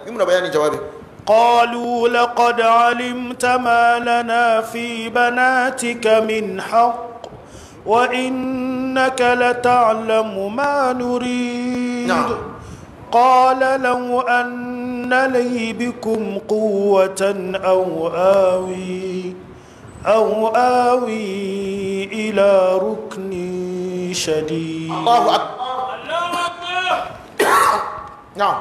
Speaker 1: yi muna bayanin jawabin قالوا لقد علمت ما لنا في بناتك
Speaker 2: من حق وإنك لتعلم ما نريد نعم قال لو أن لي بكم قوة أو آوي أو آوي إلى ركن شديد الله أكبر
Speaker 1: نعم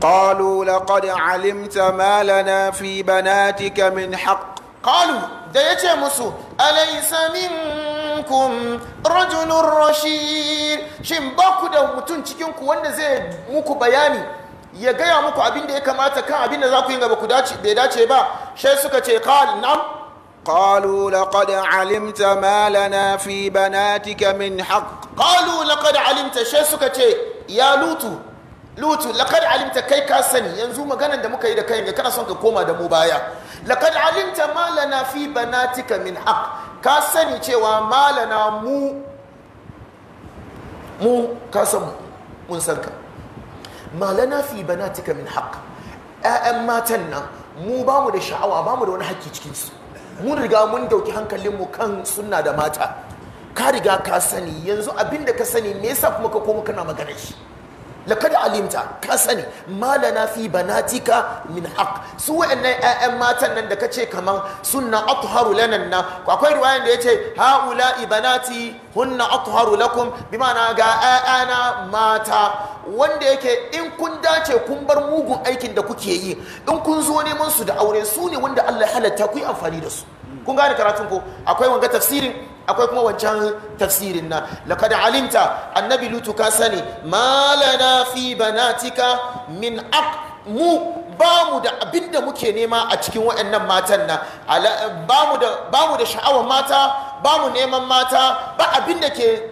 Speaker 1: قالوا لقد علمت ما لنا في بناتك من حق Kalu, da yace musu alaysa minkum rajulun roshi! shin ba ku da mutum cikin ku wanda zai muku bayani ya gaya muku abin da ya kamata kan abin da za ku yi gaba ku dace bai dace ba sai suka ce qal nam قالوا لقد علمت ما لنا في بناتك من حق قالوا alimta علمت suka ce, ya lutu. lutu laqad alimta kai ka sani yanzu maganan da muka yi da kai ga kana son ka koma da mu baya laqad alimta malana fi banatika min haq ka sani cewa malana mu mu ka san mun san ka malana fi banatika min haq ƴaƴan matan nan mu ba mu da sha'awa ba mu da wani haƙƙi cikin su mun riga mun dauki mu kan sunna da mata ka riga ka sani yanzu abin da ka sani me yasa kuma ka koma kana magana shi lakada alimta ka sani malana fi banatika min haq su wa'annan ƴaƴan matan nan da kace kaman sunna atharu lana na akwai riwayan da yace haula ibanati hunna atharu lakum bimana ga ƴaƴana mata wanda yake in kun dace kun bar mugun aikin da kuke yi in kun zo neman su da aure su ne wanda Allah ya halatta ku yi amfani da su kun gane karatun ko akwai wanga tafsirin akwai kuma wancan tafsirin na laqad alimta annabi lutu ka sani malana fi banatika min aq mu ba mu da abin da muke nema a cikin waɗannan matan na ba mu da sha'awar mata ba mu neman mata ba abin da ke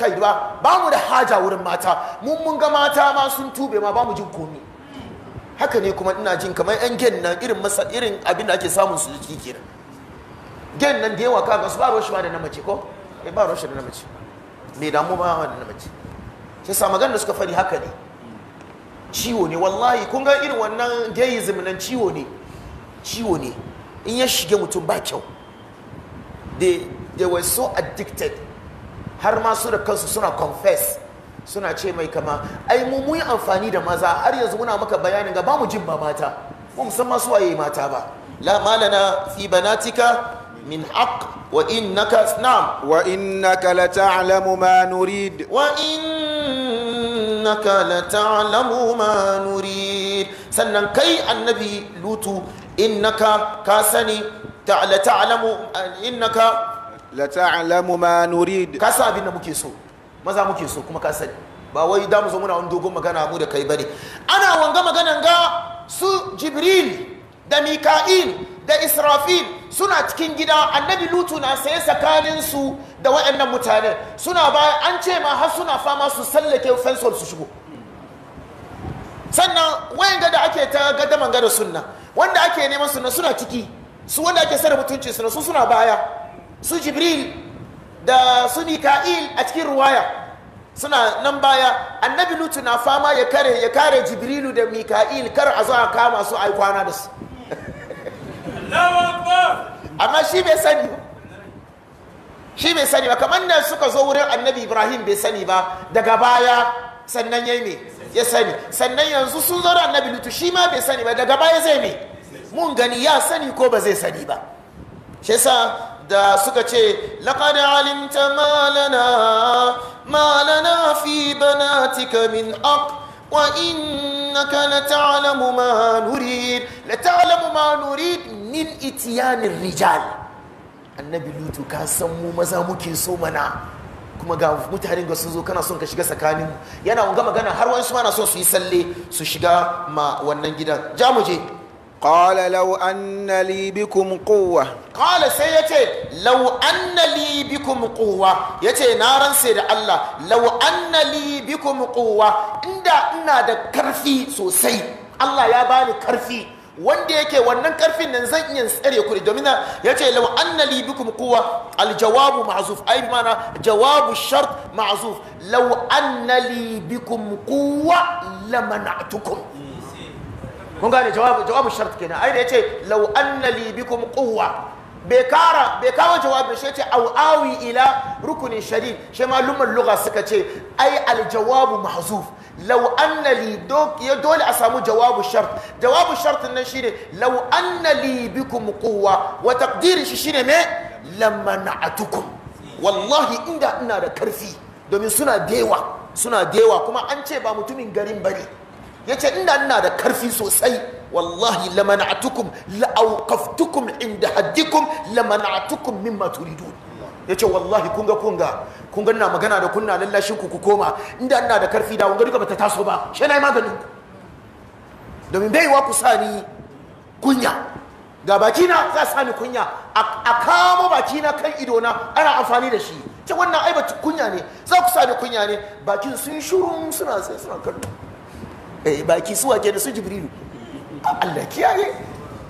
Speaker 1: kai ba ba mu da haja wurin mata mun mun ga mata ma sun tube ma ba mu jin komi haka ne kuma ina jin kamar yan gen nan irin masa irin abin da ake samun su jiki kenan gen nan da yawa kaga su ba ruwan shi da namace ko eh ba ruwan da namace me damu ba da namace sai sa magana suka fari haka ne ciwo ne wallahi kun ga irin wannan gayism nan ciwo ne ciwo ne in ya shige mutum ba kyau they they were so addicted har ma su da kansu suna confess suna ce mai kama ai mu mu yi amfani da maza har yanzu muna maka bayanin ga ba mu jin ba mata mu musamman su waye mata ba la malana fi banatika min hak wa innaka na'am wa innaka la ta'lamu ma nurid wa innaka la ta'lamu ma nurid sannan kai annabi lutu innaka ka sani ta'la ta'lamu innaka la ta'lamu ma nurid ka sa abin da muke so maza muke so kuma ka sani ba wai da mu zo muna wani dogon magana mu da kai bane ana wanga maganan ga su jibril da mika'il da israfil suna cikin gida annabi lutu na saye tsakaninsu da waɗannan mutane suna an ce ma har suna fama su sallake fensol su shigo sannan wayan gada ake ta gadaman gada sunna wanda ake neman sunna suna ciki su wanda ake sarrafa mutunci suna su suna baya su jibril da su mika'il a cikin ruwaya suna nan baya annabi lutu na fama ya kare ya kare jibrilu da mika'il kar a zo a kama su a kwana da su amma shi bai sani ba shi bai sani ba kamar nan suka zo wurin annabi ibrahim bai sani ba daga baya sannan ya me ya sani sannan yanzu sun zo da annabi lutu shi ma bai sani ba daga baya zai me mun gani ya sani ko ba zai sani ba shi yasa da suka ce laqad alimta ma lana ma lana fi banatika min aq وإنك لتعلم ما نريد لتعلم ما نريد من إتيان الرجال annabi lutu ka san mu maza muke so mana kuma ga mutanen ga sun zo kana son ka shiga tsakanin mu yana wanga magana har wani su ma su yi salle su shiga ma wannan gidan ja mu qala law anna li sai yace law anna yace na ransa da Allah law anna inda ina da karfi sosai Allah ya bani karfi wanda yake wannan karfin nan zan iya tsare ku domin ya ce lau anna li bikum quwwa ai mana jawabu shart ma'zuf lau anna li bikum quwwa mun gane jawabu shart kenan ai da yace law anna li bikum quwwa bai kara bai kawo jawabin shi yace aw awi ila rukunin shari shi malumul lugha suka ce ai al jawabu mahzuf law anna li ya dole a samu jawabu shart jawabu shart nan shine law anna li bikum quwwa wa taqdirin shi shine me lamma na'atukum wallahi inda ina da karfi domin suna dewa suna dewa kuma an ce ba mutumin garin bane ya ce ina ina da karfi sosai wallahi lamana'atukum la'auqaftukum inda haddikum lamana'atukum min maturidu ya ce wallahi kunga kunga kunga na magana da kunna lallashin ku koma inda ina da karfi da wanga duka bata taso ba shi na yi maganin ku domin wa ku sani kunya ga bakina za sani kunya a kamo bakina kan idona ana amfani da shi ce wannan aibatu kunya ne za ku sani kunya ne bakin sun shuru suna sai suna kallo Eh, baki suwa ke da su jibrilu Allah kiyaye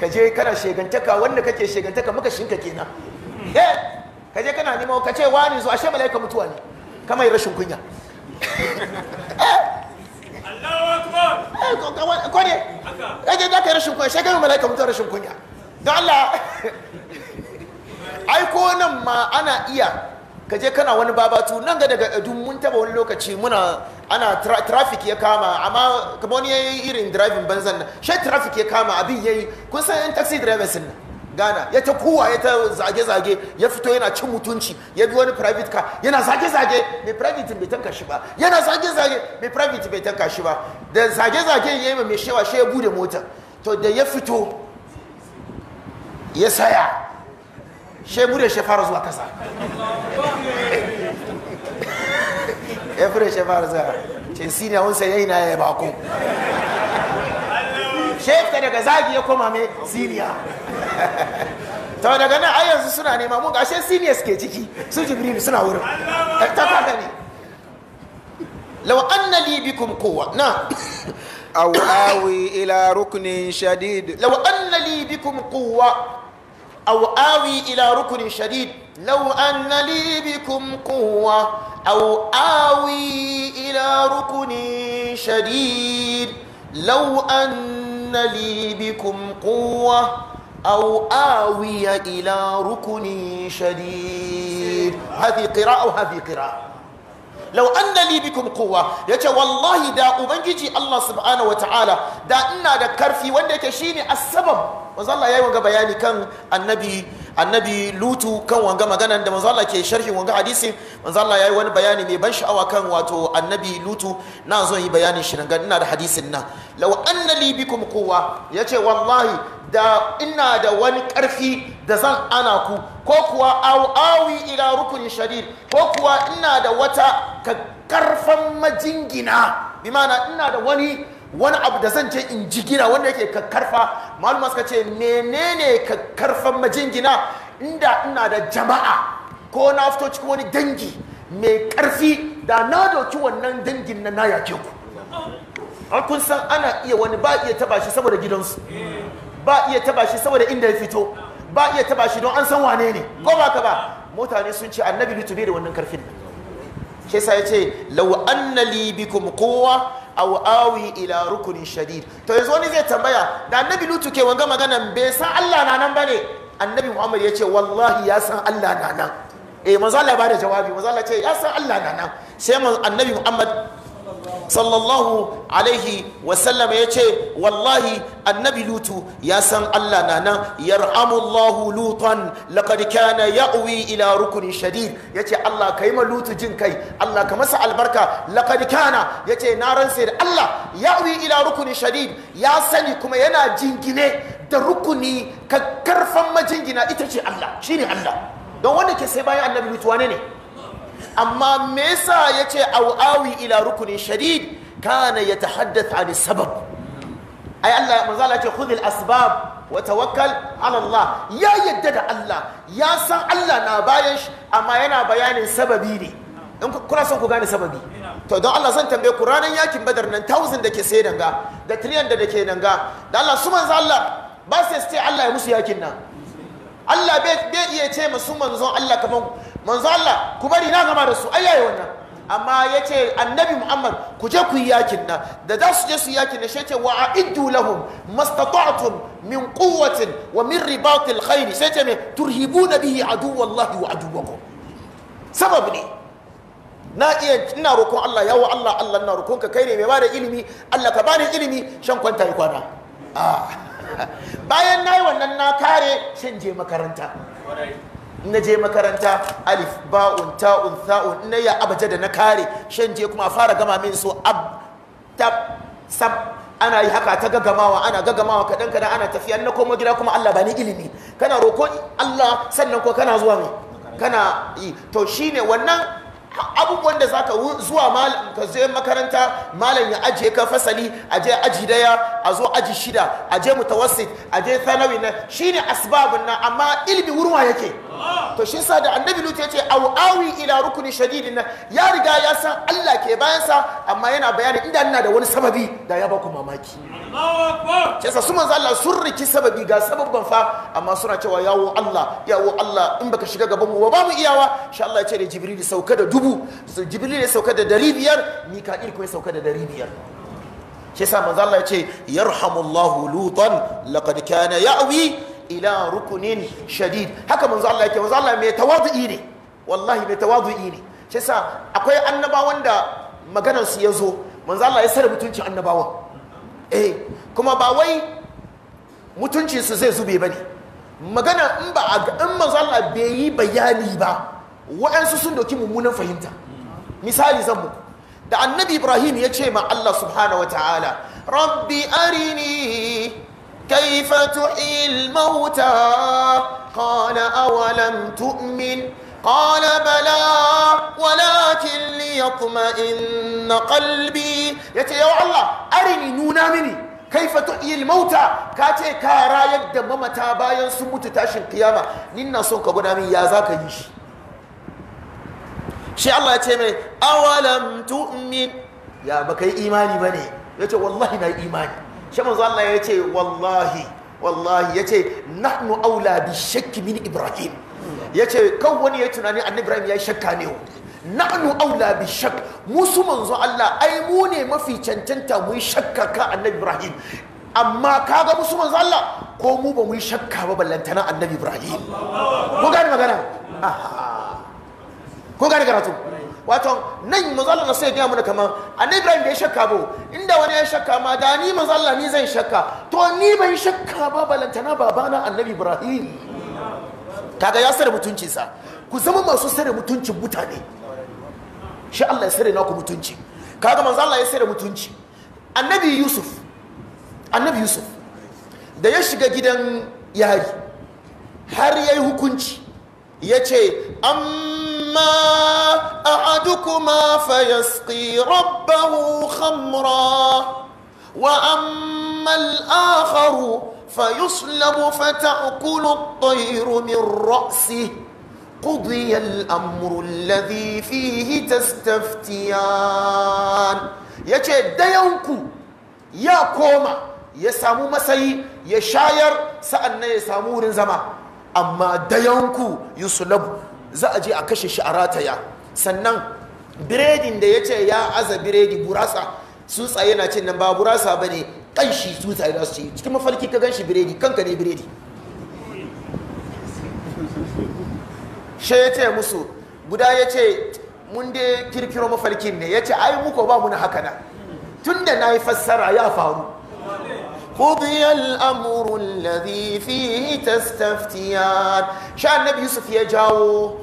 Speaker 1: ka je kana shegantaka wanda kake shegantaka muka shinka kenan eh ka je kana nemo ka ce wani zo ashe malaika mutuwa ne kamar rashin kunya eh. Allahu akbar eh, ko ne kaje da kai rashin kunya shegantaka malaika mutuwa rashin kunya don Allah ai ko nan ma ana iya ka je kana wani babatu nan ga daga dun mun taba wani lokaci muna ana traffic ya kama amma kamar wani yayi irin driving banzan nan shi traffic ya kama abin yayi kun san yan taxi drivers nan Ghana ya ta kuwa ya ta zage-zage ya fito yana cin mutunci ya bi wani private car yana zage-zage mai private bai tanka shi ba yana zage-zage mai private bai tanka shi ba da zage-zage ya yi mai shewa shi ya bude mota to da ya fito ya saya shi bude shi fara zuwa kasa ba marza ce sine unsa yaina ya bako shefta daga zagi ya koma mai siniya ta daga nan ai yanzu suna nema mun gashe siniya suke ciki su jibril suna wurin ta kaka ne law anna li bikum quwwa na aw awi ila ruknin shadid law anna li bikum quwwa aw awi ila ruknin shadid لو أن لي بكم قوة أو آوي إلى ركن شديد لو أن لي بكم قوة أو آوي إلى ركن شديد هذه قراءة وهذه قراءة lau anna li bikum quwwa yace wallahi da ubangiji Allah subhanahu wataala da ina da karfi wanda yake shine asbab manzo Allah yayi wanga bayani kan annabi annabi lutu kan wanga maganan da manzo Allah ke sharhin wanga hadisi manzo Allah yayi wani bayani mai ban sha'awa kan wato annabi lutu na zo yi bayanin shi nan ina da hadisin nan law anna li bikum quwwa yace wallahi da ina da wani karfi da zan ana ku ko kuwa awi ila rukunin sharir ko kuwa ina da wata karfan majingina bi ma'ana ina da wani wani abu da zan ce in jigina wanda yake kakkarfa malama suka ce menene kakkarfan majingina inda ina da jama'a ko na fito cikin wani dangi mai karfi da na doki wannan dangin na na yake ku an kun san ana iya wani ba iya taba shi saboda gidansu ba iya taba shi saboda inda ya fito ba iya taba shi don an san wane ne ko ba ka ba mutane sun ce annabi lutube da wannan karfin nan shi yasa yace law anna li bikum kowa a wa'awi ila rukunin shadid to yanzu wani zai tambaya da annabi lutu ke wanga maganan bai san Allah na nan ba ne annabi Muhammad ya ce wallahi ya san Allah na nan eh manzo Allah ya bada jawabi manzo Allah ce ya san Allah na nan sai annabi Muhammad sallallahu alaihi wasallam ya ce wallahi annabi lutu ya san allah na nan ya yarhamullahu lutan laqad kana ya'wi ila rukunin shadid ce allah kai ma lutu jin kai allah ka masa albarka laqad ya ce na ransa da allah ya'wi ila rukunin shadid ya sani kuma yana jingine da rukuni ka karfan majingina ita ce allah shi shine allah don wanda ke sai bayan annabi lutu wane ne amma me yasa yace aw awi ila rukunin shadid kana yatahaddath an sabab ai Allah manzo Allah yace khudh al asbab wa tawakkal ala Allah ya yadda da Allah ya san Allah na bayan shi amma yana bayanin sababi ne in kuna son ku gane sababi to don Allah zan tambaye ku ranar yakin badar nan 1000 da ke sai danga da 300 da ke danga da Allah su manzo Allah ba sai sai Allah ya musu yakin nan Allah bai iya ce musu manzon Allah kaman manzo Allah ku bari na gama da su ai yayi wannan amma yace annabi Muhammad ku je ku yi yakin na da za su je su yakin na sai ce wa a'iddu lahum mastata'tum min quwwatin wa min ribatil khair sai ce me turhibuna bihi aduwallahi wa aduwakum sabab ne na iya ina roƙon Allah yawo Allah Allah ina roƙon ka kai ne mai bada ilimi Allah ka bani ilimi shan kwanta yi kwana ah. bayan na yi wannan na kare shan je makaranta na je makaranta alif ba'un ta'un tha'un na ya abaja da na kare shan je kuma fara gama min su ab tab sab ana yi haka ta gagamawa ana gagamawa kadan kadan ana tafiya na komo gida kuma Allah bani ilimi kana roko Allah sannan ko kana zuwa mai kana yi to shine wannan abubuwan da zaka zuwa malam ka je makaranta malam ya ajiye ka fasali aje aji daya a zo aji shida a aje mutawassit je thanawi na shine asbabun na amma ilmi wurwa yake to shi sa da annabi lut yace aw awi ila rukuni shadidin na ya riga ya san Allah ke bayan sa amma yana bayani inda ina da wani sababi da ya baku mamaki Allahu su manzo Allah sun riki sababi ga sababban fa amma suna cewa yawo Allah yawo Allah in baka shiga gaban mu ba mu iyawa insha Allah ya ce da Jibril sauka da dubu dubu jibril ya sauka da dari biyar mika'il kuma ya sauka da dari biyar shi sa manzo Allah ya ce yarhamullahu lutan laqad kana ya'wi ila rukunin shadid haka manzo Allah yake manzo Allah mai tawadu'i ne wallahi mai tawadu'i ne shi sa akwai annabawan da maganar su yazo manzo Allah ya da mutunci annabawan eh kuma ba wai mutuncin su zai zube bane magana in ba in manzo Allah bai yi bayani ba wa'ansu sun doki mummunan fahimta misali zan muku da annabi ibrahim ya ce ma allah subhanahu wa ta'ala rabbi arini kaifa tuhil mauta qala awalam tu'min قال بلى ولكن ليطمئن قلبي يتي يا الله أرني نونا مني كيف تحيي الموتى كاتي كارا يد ممتا باين سمت ka قيامة نينا سنك قدامي يا ذاك يشي shi Allah ya ce mai awalam tu'min ya baka yi imani ba ne? Ya ce wallahi na imani shi manzo Allah ya ce wallahi wallahi yace nahnu aula bi shakki min ibrahim yace kan wani ya tunani annabi ibrahim ya shakka ne nahnu aula bi shak musu manzo Allah ai mu ne mafi cancanta mu shakka ka annabi ibrahim amma kaga musu manzo Allah ko mu ba mu shakka ba ballantana annabi ibrahim ku gane magana ko gane karatu wato nan manzo na sai ya mana kaman annabi Ibrahim bai shakka ba inda wani ya shakka ma da ni manzo ni zan shakka to ni bai shakka ba balantana babana annabi Ibrahim kaga ya sare mutunci sa ku zama masu sare mutuncin mutane shi Allah ya sare naku mutunci kaga manzo Allah ya sare mutunci annabi Yusuf annabi Yusuf da ya shiga gidan yari har yayi hukunci yace an. ما أحدكما فيسقي ربه خمرا وأما الآخر فيصلب فتأكل الطير من رأسه قضي الأمر الذي فيه تستفتيان يجي ديونكو يا كوما سامو مسي يا شاير سألنا سامو رنزما أما ديونكو يصلب za a je a kashe shi a rataya sannan biredin da ya ce ya aza biredi burasa tsuntsaye yana cin nan ba burasa ba ne kanshi tsutsa yana su ce cikin mafarki ka ganshi biredi kanka ne biredi shi ya ce musu guda ya ce mun dai kirkiro mafarkin ne ya ce ai muko ba mu na haka na tun da na yi fassara ya faru قضي الأمر الذي فيه تستفتيان شان النبي يوسف يجاو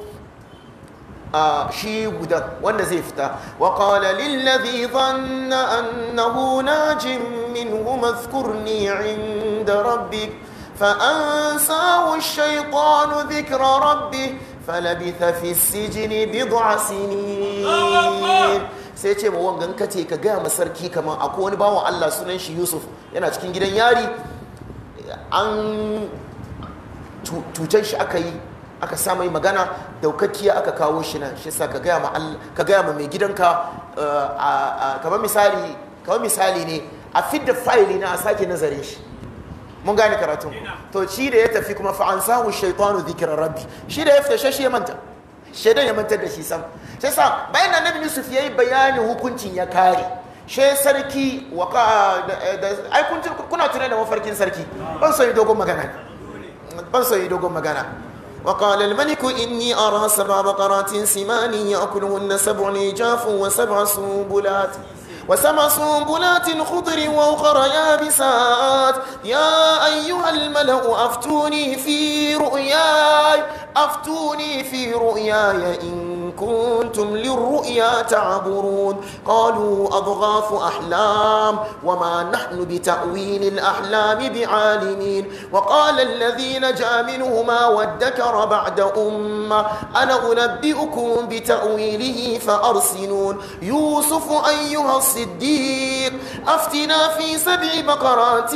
Speaker 1: آه شي قدر والنزيفتة وقال للذي ظن أنه ناج منهما اذكرني عند ربك فأنساه الشيطان ذكر ربه فلبث في السجن بضع سنين sai ce ma wangan kace ka gaya ma sarki kamar akwai wani bawan Allah sunan shi Yusuf yana cikin gidan yari an shi aka yi aka sa mai magana daukakkiya aka kawo shi nan shi sa ka gaya ma mai gidanka eh, kamar misali kamar misali ne a fidda fayili na a sake nazarin shi mun gane karatun to shi da ya tafi kuma fa an sahu shaytanu rabbi shi da ya fita shi ya manta shaidan ya mantar da shi sam sai sa bayan annabi yusuf ya yi bayanin hukuncin ya kare she sarki wa da ai kun kuna tunai da mafarkin sarki ban so yi dogon magana ban so yi dogon magana وقال الملك إني أرى سبع بقرات سمان يأكلهن سبع عجاف وسبع سنبلات وسبع سنبلات خضر وأخر يابسات يا أيها الملأ أفتوني في رؤياي أفتوني في رؤياي إن كنتم للرؤيا تعبرون قالوا أضغاف أحلام وما نحن بتأويل الأحلام بعالمين وقال الذي نجا منهما وادكر بعد أمة أنا أنبئكم بتأويله فأرسلون يوسف أيها الصديق أفتنا في سبع بقرات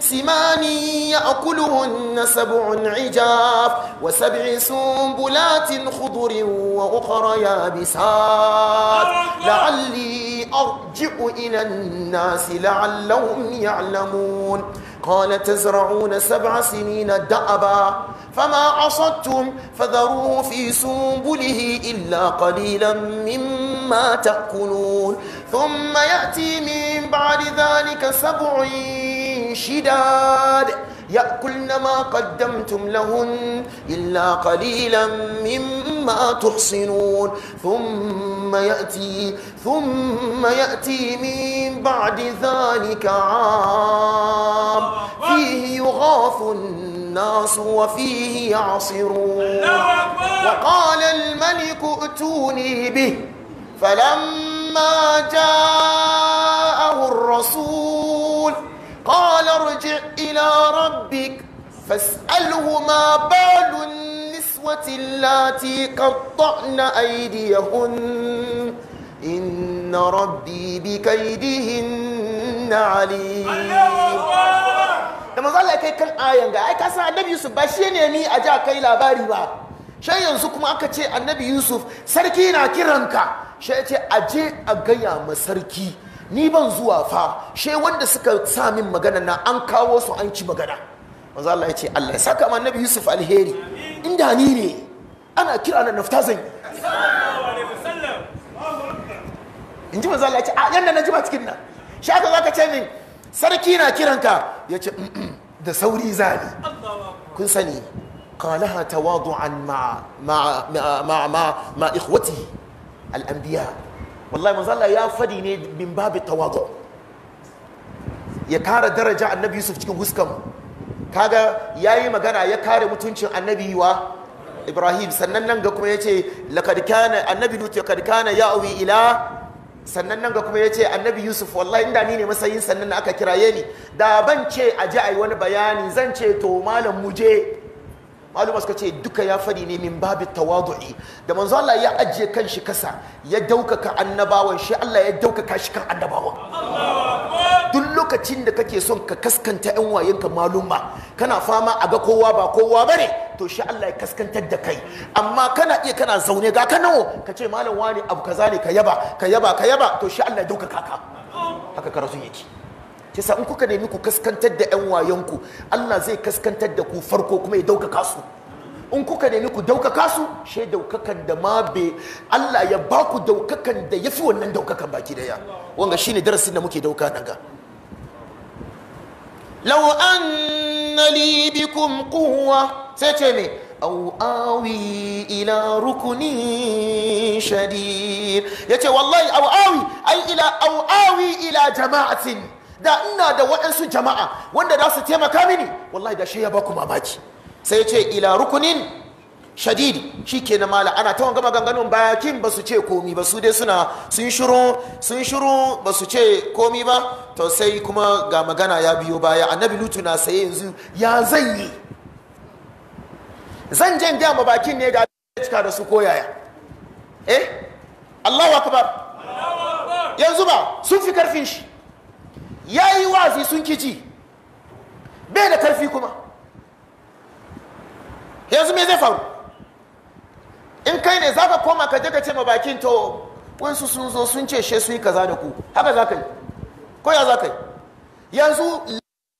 Speaker 1: سمان يأكلهن سبع عجاف وسبع سنبلات خضر و وأخرى يابسات لعلي أرجع إلى الناس لعلهم يعلمون قال تزرعون سبع سنين دأبا فما عصدتم فذروه في سنبله إلا قليلا مما تأكلون ثم يأتي من بعد ذلك سبع شداد يأكلن ما قدمتم لهن إلا قليلا مما تحصنون ثم يأتي ثم يأتي من بعد ذلك عام فيه يغاث الناس وفيه يعصرون وقال الملك ائتوني به فلما جاءه الرسول قال ارجع إلى ربك فاسأله ما بال النسوة اللاتي قطعن أيديهن إن ربي بكيدهن عليم da manzo Allah kai kan ayan ga ai ka san annabi Yusuf ba shi ne ni a kai labari ba shai yanzu kuma aka ce annabi Yusuf sarki na kiranka shi ya ce aje a gaya ma sarki ni ban zuwa fa she wanda suka sa min magana na an kawo su an ci magana manzo Allah ya ce Allah ya saka man nabi Yusuf alheri inda ni ne ana kira na nafta zan in ji manzo Allah ya ce a yanda na ji ba cikin nan shi aka zaka ce min sarki na kiranka ya ce da sauri zani kun sani قالها تواضعا مع مع مع مع, مع, مع اخوته الانبياء wallahi manzo ya fadi ne min babu tawadu ya kara daraja annabi Yusuf cikin huskan kaga yayi magana ya kare mutuncin annabi wa Ibrahim sannan nan ga kuma yace laqad kana annabi Lut laqad kana ya'wi ila sannan nan ga kuma yace annabi Yusuf wallahi inda ni ne masayin sannan aka kiraye ni da ban ce a ai wani bayani zan ce to malam muje maluma suka ce duka ya fadi ne min babi tawadu'i da manzo Allah ya ajiye kan shi kasa ya daukaka annabawan shi Allah ya daukaka shi kan annabawan duk lokacin da kake son ka kaskanta yan wayenka maluma kana fama a ga kowa ba kowa bane to shi Allah ya kaskantar da kai amma kana iya kana zaune ga ka ka ce malam wani abu kaza ne ka yaba ka yaba ka yaba to shi Allah ya daukaka ka haka karatun yake Yasa in kuka nemi ku kaskantar da yan wayonku Allah zai kaskantar da ku farko kuma ya daukaka su in kuka nemi ku daukaka su she daukakan da ma be Allah ya ba ku daukakan da yafi wannan daukakan baki daya wanga shine darasin da muke dauka daga law anna li bikum quwwa sai ce me aw awi ila rukuni shadid yace wallahi aw awi ai ila aw awi ila jama'atin da ina da waɗansu jama'a wanda za su taimaka mini wallahi da shi ya ba baku mamaki sai ce ila rukunin shadidi shi ke na mala ana ta wanga maganganun bayakin ba su ce komi ba su dai suna sun shiru sun shuru ba su ce komi ba to sai kuma ga magana ya biyo baya annabi lutu na saye yanzu ya zanyi. zan jan gaya ma bakin ne ga cika da su koyaya eh Allahu akbar yanzu ba sun fi karfin shi ya yi wazi sun ji, bai da karfi kuma yanzu me zai faru in kai ne za ka koma ka je ka ce ma bakin to wansu sun zo sun ce she su yi kaza da ku haka za ka yi ko ya za ka yi yanzu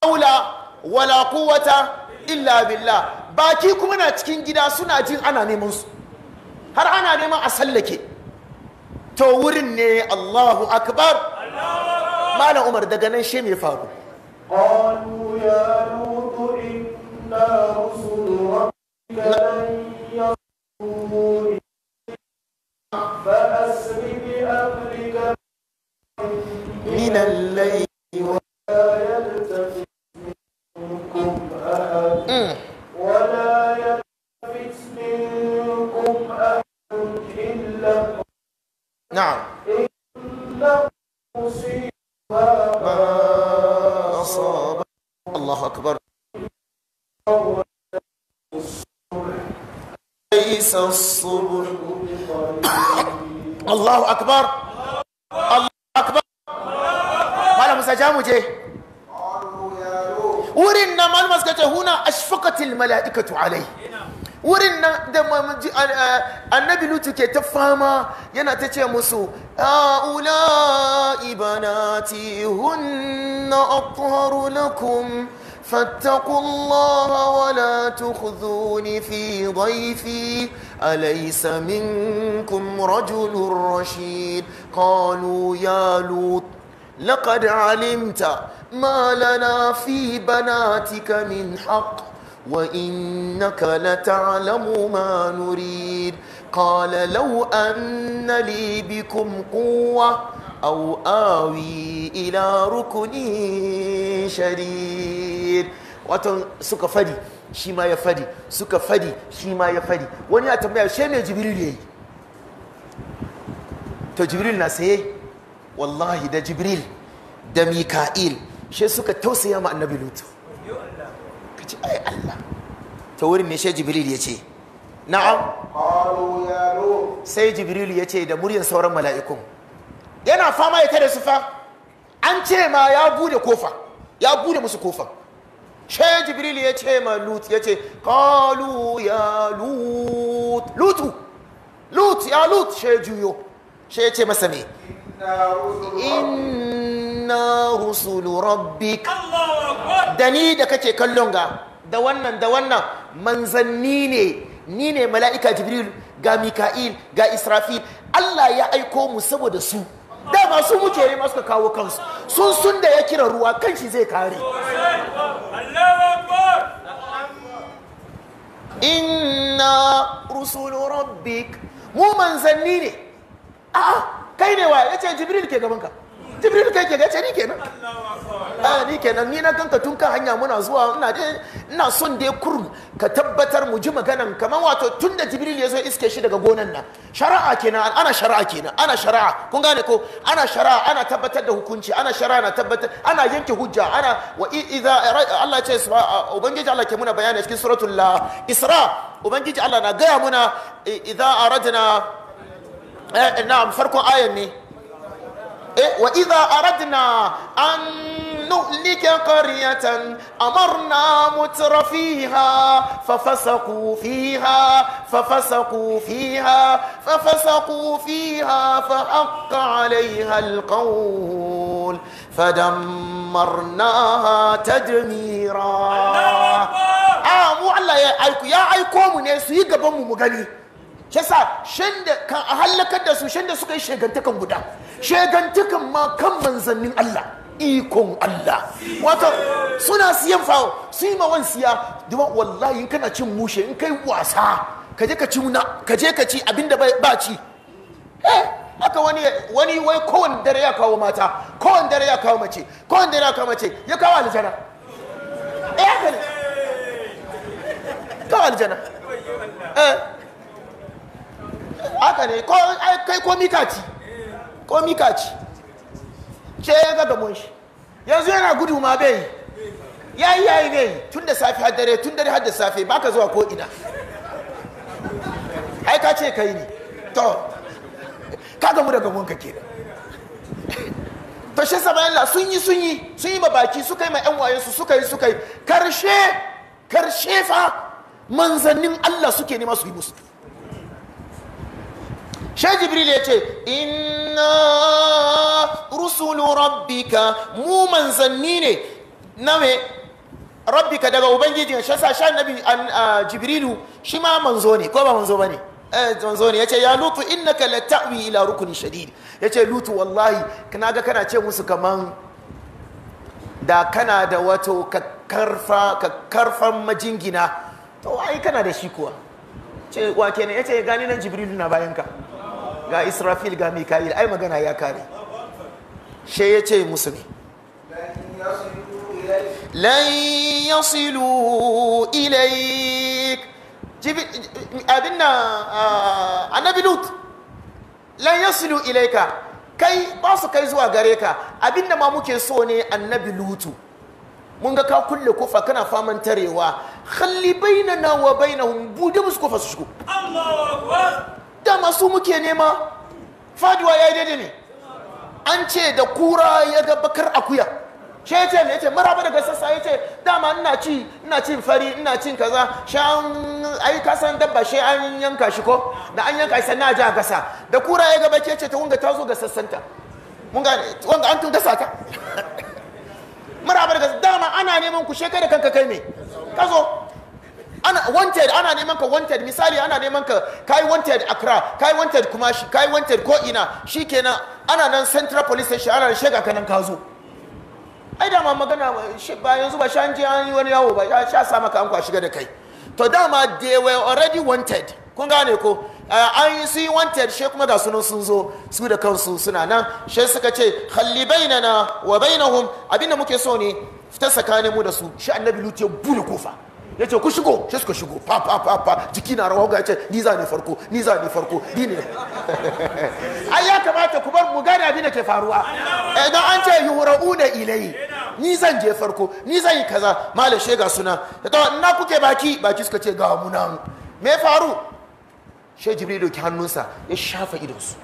Speaker 1: laula wala kuwata illa billah baki kuma na cikin gida suna jin ana neman su har ana neman a sallake to wurin ne Allahu akbar Allahu malam umar daga nan shi me faru
Speaker 2: qalu ya lutu inna rusul rabbika lan yasuru فأسر بأهلك
Speaker 1: من الليل ولا
Speaker 2: يلتفت منكم
Speaker 1: أحد
Speaker 2: ولا يلتفت منكم أحد إلا نعم إنه
Speaker 1: الله أكبر ليس الصبر الله أكبر الله أكبر قال موسى جامو جي ورنا ما المسكتة هنا أشفقت الملائكة عليه ورنا دم النبي لوت كي تفهم ينا تتي مسو هؤلاء بناتي هن أطهر لكم فاتقوا الله ولا تخذون في ضيفي أليس منكم رجل رشيد قالوا يا لوط لقد علمت ما لنا في بناتك من حق وإنك لتعلم ما نريد قال لو أن لي بكم قوة أو آوي إلى ركن شديد watan suka fadi shi ya fadi suka fadi shi ya fadi wani ya tambaya shi ne jibril yayi to jibril na saye wallahi da jibril da mika'il shi suka tausaya ma annabi lutu kace ai Allah ta wurin ne shi jibril ya ce na'am sai jibril ya ce da muryar sauran mala'ikun yana fama ita da su fa an ce ma ya bude kofa ya bude musu kofa she jibril ya ce ma lut ya ce kalu ya lut lutu lut ya lut she juyo she ya ce masa me inna rusulu rabbik da ni da kake kallon ga da wannan da wannan manzanni ne ni ne mala'ika jibril ga mika'il ga israfil allah ya aiko mu saboda su dama su muke ne ka kawo kansu sun sun da ya kira ruwa kan shi zai kare inna rusulu rabbik mu manzanni ne a'a kai ne wa yace jibril ke gaban ka jibril kai ke ga ce ni kenan a ah, ni kenan ni na ganka tun kan hanya muna zuwa ina dai ina son dai kur ka tabbatar mu ji maganan kamar wato tun da jibril ya zo iske shi daga gonan nan shari'a kenan ana shari'a kenan ana shari'a kun gane ko ana shari'a ana tabbatar da hukunci ana shari'a na tabbatar ana yanke hujja ana wa idza Allah ce ubangiji Allah ke muna bayani cikin suratul la isra ubangiji Allah na gaya muna idza aradna eh, na'am farkon ayan ne Eh, wa idza aradna an nuhlika qaryatan amarna mutra fiha fa fasaqu fiha fa fiha fa fiha fa 'alayha alqawl fadammarnaha tadmira ah, mu Allah ya aiko ya aiko mu ne su yi gaban mu mu gani yasa shin da kan halakar da su shin da suka yi shegantakan guda shegantakan ma kan manzannin Allah ikon Allah wato suna siyan fawo su yi mawan siya duma wallahi kana cin mushe in kai wasa ka je ka ci na kaje ka ci abinda ba ci eh aka wani wani wai kowane dare ya kawo mata kowane dare ya kawo mace kowane dare ya kawo mace ya kawo aljana eh haka ne kawo aljana eh aka ne kai komi kaci komi kaci ce ya ga gamon shi yanzu yana gudu ma bai yayi yayi ne tun da safe har dare tun dare har da safe ka zuwa ko ina ai ka ce kai ne to ka gamu da gamon ka da to shi sabayalla sun yi sun yi sun yi mabaki suka yi ma yan su suka yi suka yi karshe karshe fa manzannin Allah suke nema su yi musu shi jibril ya ce inna rusulu rabbika mu manzanni ne na me rabbika daga ubangiji shi yasa shi annabi jibrilu shi ma manzo ne ko ba manzo bane eh, manzo ne yace ya lutu innaka ta'wi ila rukuni shadid yace lutu wallahi kana ga kana ce musu kaman da kana da wato kakkarfan majingina to ai kana da shi kuwa ce wa kenan yace gani nan jibrilu na bayanka ga israfil ga mika'il ai magana ya kare she ya ce musu ne yasilu ilaik abin nan annabi lut lan yasilu ilaika kai ba su kai zuwa gare ka abin da ma muke so ne annabi lutu mun ga ka kulle kofa kana faman tarewa khalli bainana wa bainahum bude musu kofa su shigo
Speaker 3: Allahu akbar
Speaker 1: dama su muke nema faduwa ya yi daidai ne an ce da kura ya ga bakar akuya shi ya ce ya ce maraba daga sassa ya ce dama ina ci ina cin fari ina cin kaza shi an ai kasan dabba shi an yanka shi ko da an yanka shi na ji a gasa da kura ya ga baki ce ta wanga ta zo ga sassanta wanga an tun gasa ta maraba daga dama ana neman ku shekai da kanka kai ne ka zo ana wanted ana neman ka wanted misali ana neman ka kai wanted Accra kai wanted Kumashi kai wanted ko ina shikenan ana nan Central Police Station ana shega kanan ka zo ai da ma magana ba yanzu ba shan ji an yi wani yawo ba ya sha sa maka an kwa shiga da kai to dama they were already wanted kun gane ko eh, an yi su yi wanted shi kuma ga sunan sun zo su da kansu suna nan shi suka ce halli bainana wa bainahum abinda muke so ne fita tsakanin mu da su shi annabi lutu ya kofa ya ce ku shigo shi suka shigo pa pa pa pa jiki na rawa ga ce ni za ni farko ni za ni farko ni ne ai ya kamata ku bar mu gane abin da ke faruwa idan an ce da ilai ni zan je farko ni zan yi kaza malam shega suna ya to ina kuke baki baki suka ce ga mu mu me faru shi jibril doki hannunsa ya shafa su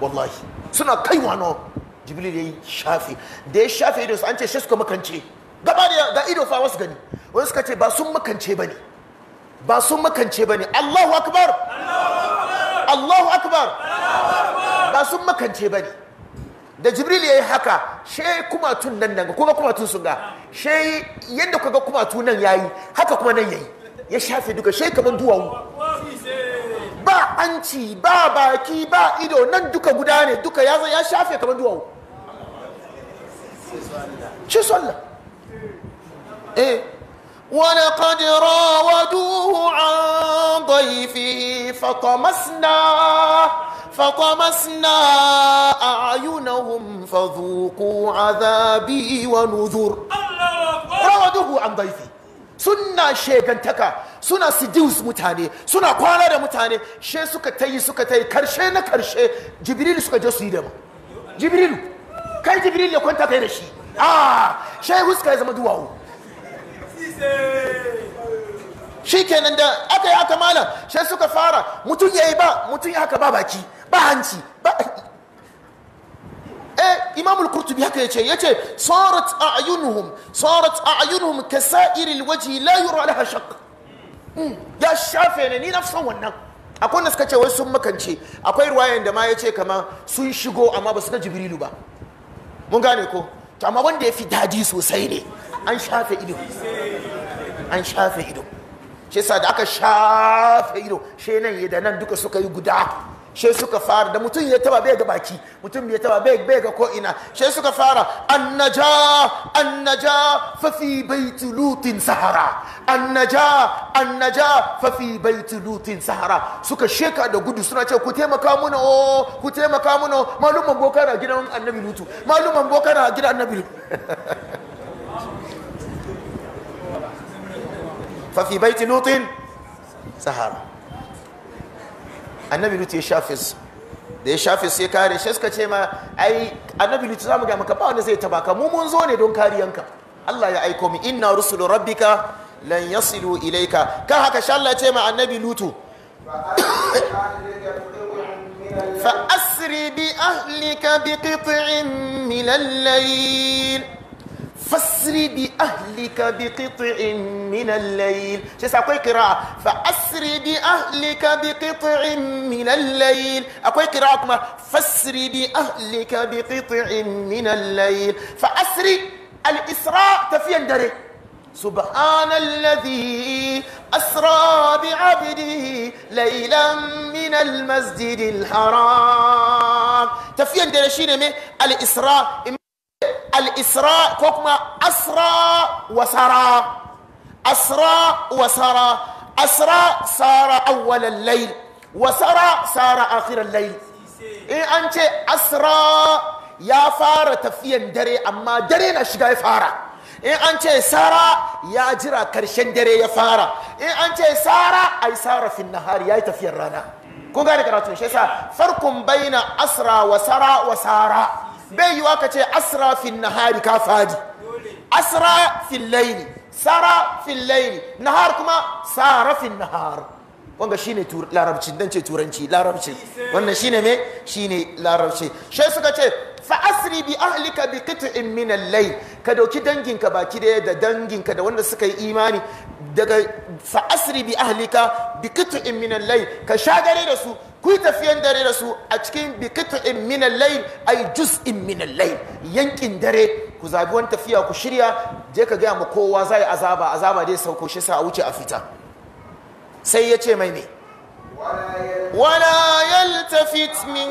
Speaker 1: wallahi suna kaiwa no jibril ya yi shafe da ya shafe su an ce shi suka makance gaba da ga ido fa wasu gani wani suka ce ba sun makance ba ne ba sun makance ba ne allahu akbar allahu akbar ba sun makance ba ne da jibril ya yi haka she kumatun nan nan kuma kumatun sun ga she yadda kuma kumatu nan ya yi haka kuma nan ya yi ya shafe duka she kamar duwawu ba ci, ba baki ba ido nan duka guda ne duka ya shafe kamar duwawu ci sallah إيه ولقد راودوه عن ضيفه فطمسنا فطمسنا أعينهم فذوقوا عذابي ونذر راودوه عن ضيفه suna shegantaka suna seduce mutane suna kwana da mutane she suka ta suka ta karshe na karshe jibrilu suka je su yi da jibrilu kai jibrilu ya kwanta kai da shi ah shai huska ya zama duwawu shi kenan da aka yi aka malam sai suka fara mutum ya yi ba mutum ya haka ba baki ba hanci ba eh imamul kurtubi haka yace yace sarat a'yunuhum sarat a'yunuhum kasa'ir alwajhi la yura laha shaq hmm, ya shafe ne ni nafsan wannan akwai da suka ce wai sun makance akwai ruwayan da ma yace kama sun shigo amma ba su ga jibrilu ba mun gane ko to amma wanda ya fi dadi sosai ne an shafe ido an shafe ido shi sa da aka shafe ido shi nan da nan duka suka yi guda shi suka fara da mutum ya taba bai ga baki mutum ya taba bai ga ko'ina shi suka fara annaja annaja fafi baitu lutin sahara annaja annaja fafi baitu lutin sahara suka sheka da gudu suna ce ku taimaka muna o oh, ku taimaka muna malumman bokara gidan annabi lutu malumman bokara gidan annabi lutu fafi baiti lutin sahara annabi lutu ya su da ya shafe kare shi suka ce ma ai annabi lutu za mu ga maka ba wanda zai ka mu mun zo ne don kariyanka Allah ya aiko mu inna rusulu rabbika lan yasilu ilaika ka haka sha Allah ya ce ma annabi lutu فأسر بأهلك بقطع من الليل فاسر بأهلك بقطع من الليل شو أكوي قراءة فأسر بأهلك بقطع من الليل أكوي قراءة كما فاسر بأهلك بقطع من الليل فأسر الإسراء تفيا دري سبحان الذي أسرى بعبده ليلا من المسجد الحرام تفيا دري شيني الإسراء al-isra ko kuma asra wa sara asra wa sara asra sara awwalal layl wa sara sara akhiral layl in an ce asra ya fara tafiyan dare amma dare na shiga ya fara in an ce sara ya jira karshen dare ya fara in an ce sara ai sara fin nahari ya yi tafiyar rana kun gane karatu shi yasa Farkon baina asra wa sara wa sara bai yiwa ka ce asra fin nahari ka fadi asra Laini, laili sara fin laili nahar kuma sara fin nahar shi ne larabci don ce turanci larabci wannan shi mai me ne larabci shi suka ce fa asiri bi ahlika bi in min al ka dauki danginka baki daya da danginka da wanda suka yi imani daga fa asiri bi ahlika bi in min al ka ka gare da su ku yi tafiyan dare da su a cikin bikitu'in minan layin ai juz'in minan layin yankin dare ku zabi wani tafiya ku shirya je ka gaya ma kowa za yi azaba azaba dai sauko shi sa a wuce a fita sai ya ce mai me. wala yaltafit min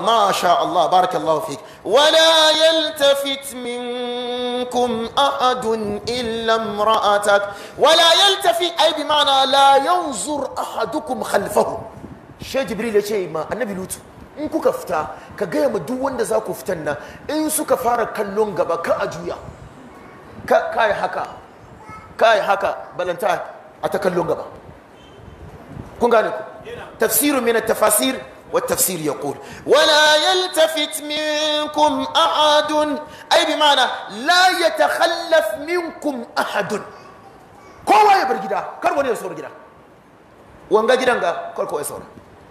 Speaker 1: ما شاء الله بارك الله فيك ولا يلتفت منكم أحد إلا امرأتك ولا يلتفت أي بمعنى لا ينظر أحدكم خلفه shi jibril ya ce ma annabi lutu in kuka fita ka gaya ma duk wanda za ku fitan nan in suka fara kallon gaba ka a juya ka yi haka ka yi haka balanta a ta kallon gaba kun gane ku tafsiru min tafasir والتفسير يقول ولا يلتفت منكم أحد أي بمعنى لا يتخلف منكم أحد كوا يبرجدا كربون يسور جدا وانجا جدا كوا يسور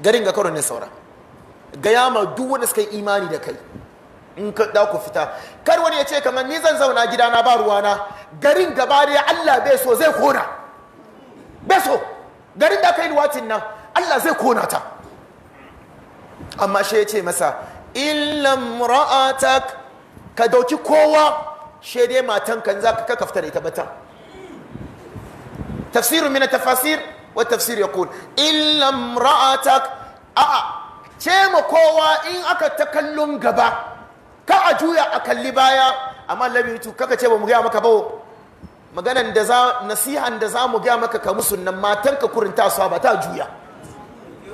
Speaker 1: garin ga karo ne saura gaya ma duk wanda suka yi imani da kai in ka da ku fita kar wani ya ce kamar ni zan zauna gida na ba na. garin gaba da Allah bai so zai kona bai so garin da kai luwatin nan Allah zai kona ta amma shi ya ce masa illam ra'atak ka dauki kowa shi dai kan za ka kafta da ita bata tafsirun min tafasir والتفسير يقول إلا امرأتك أأ تيما كوا إن أكا تكلم غبا a أكلي بايا أما لم يتو كاكا تيما مغيا مكبو maganan da za nasihan da za mu gaya maka ka musu nan matan ka kurinta su ba ta juya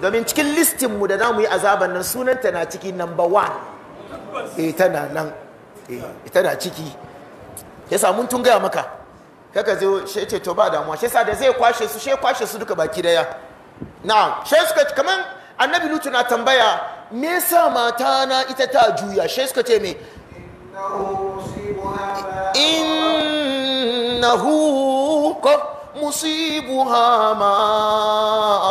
Speaker 1: domin cikin listin mu da zamu yi azaban nan sunanta na ciki number one tana nan tana ciki yasa mun tun gaya maka kaka zai shi ce to ba damuwa shi sa da zai kwashe su shi kwashe su duka baki daya na shi suka kaman annabi lutu na tambaya me yasa mata na ita ta juya shi suka ce me innahu musibuha ma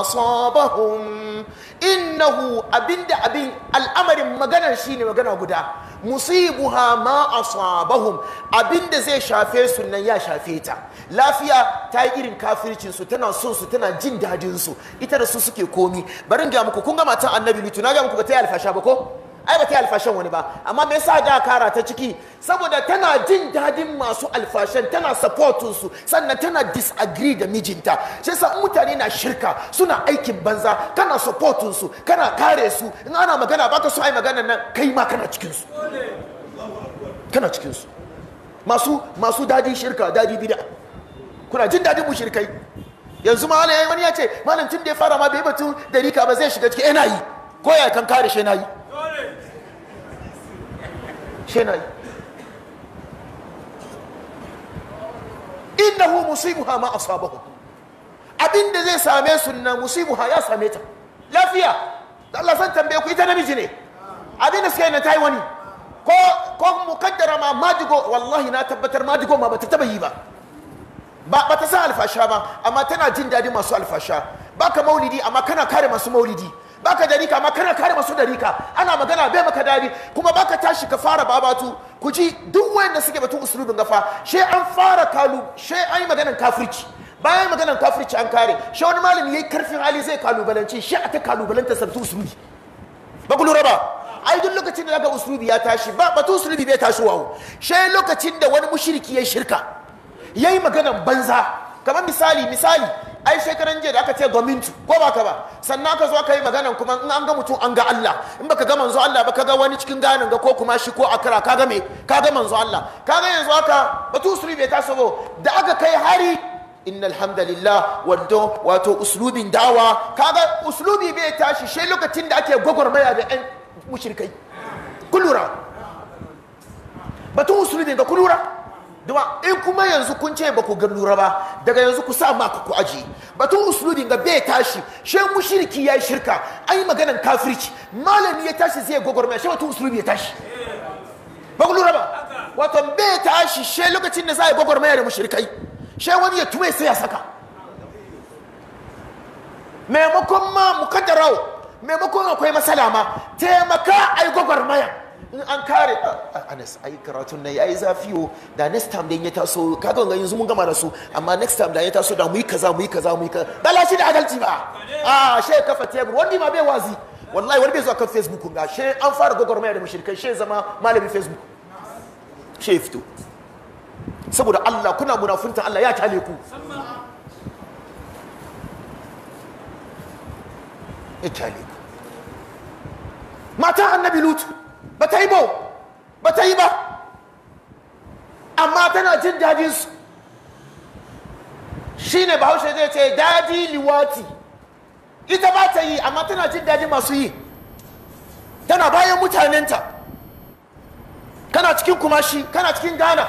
Speaker 1: asabahum innahu abinda abin al'amarin maganar shine magana guda musibuha ma asabahum abinda zai shafe su nan ya shafe ta lafiya ta yi irin kafircin tana son su tana jin dadin ita da su suke komi barin ga muku kun ga matan annabi lutu na ga muku ba ta yi alfasha ba ko ai ba ta yi alfashan wani ba amma me yasa da kara ta ciki saboda tana jin dadin masu alfashan tana supportin su sannan tana disagree da mijinta sai sa mutane na shirka suna aikin banza kana supportin su kana kare su in ana magana baka so ai magana nan kai ma kana cikin su kana cikin su masu masu dadi shirka dadi bid'a kuna jin dadin mu shirkai yanzu ma wani ya ce malam tun da ya fara ma bai batun dalika ba zai shiga ciki ina eh, yi ko ya kan kare shi na yi shi na yi innahu musibuha ma asabahu abin da zai same su na musibuha ya same ta lafiya Allah san tambaye ku ita namiji ne abin da suka yi na tayi wani ko ko mukaddara ma madigo wallahi na tabbatar madigo ma bata taba yi ba ba bata san alfasha ba amma tana jin dadi masu alfasha baka maulidi amma kana kare masu maulidi baka da rika ma kana kare masu da rika ana magana bai maka dadi kuma baka tashi ka fara babatu ku ji duk wanda suke batun usulubin gafa she an fara kalu she an yi maganan kafirci bayan maganan kafirci an kare she wani malami yayi karfin hali zai kalubalance she a ta kalubalanta sabtu usulubi ba ku lura ba ai duk lokacin da daga usulubi ya tashi ba batun usulubi bai tashi wawo she lokacin da wani mushriki ya shirka yayi maganan banza kamar misali misali ai shekaran jiya da aka ce gwamnati ko ba ka ba sannan ka zo ka yi magana kuma in an ga mutum an ga Allah in baka ga manzo Allah ba ka ga wani cikin ganin ga ko kuma shi ko akara ka ga me ka ga manzo Allah ka ga yanzu haka batu usuri bai taso ba da aka kai hari inna alhamdulillah wando wato uslubin dawa ka ga uslubi bai tashi shi lokacin da ake gwagwarmaya da yan mushrikai kullura batun usulubin ga kullura dama in kuma yanzu kun ce ba ku ga lura ba daga yanzu ku sa maka ku aji batun usuludin ga bai tashi she mushriki yayi shirka an maganan kafirci malami ya tashi zai gogorma she batun usulubi ya tashi ba ku lura ba wato bai tashi she lokacin da za a yi gogorma da mushrikai she wani ya tume sai ya saka maimakon ma mukadarau maimakon akwai masala ma taimaka a yi gogormaya in an kare anas ai karatun nan yayi zafiyo da next time da ya taso kaga ga yanzu mun gama da su amma next time da ya taso da mu yi kaza mu yi kaza mu yi kaza bala shi da adalci ba a she kafa tebur wani ma bai wazi wallahi wani bai zuwa kan facebook ga she an fara gwagwarmaya da mushrikai she zama malami facebook she fito saboda Allah kuna munafunta Allah ya kyale ku ya kyale ku matan annabi lutu ba ta yi ba ba ta yi ba amma tana jin su. shi ne bahaushe zai ce dadi liwati ita ba ta yi amma tana jin dadi masu yi tana bayan mutanenta kana cikin kumashi kana cikin ghana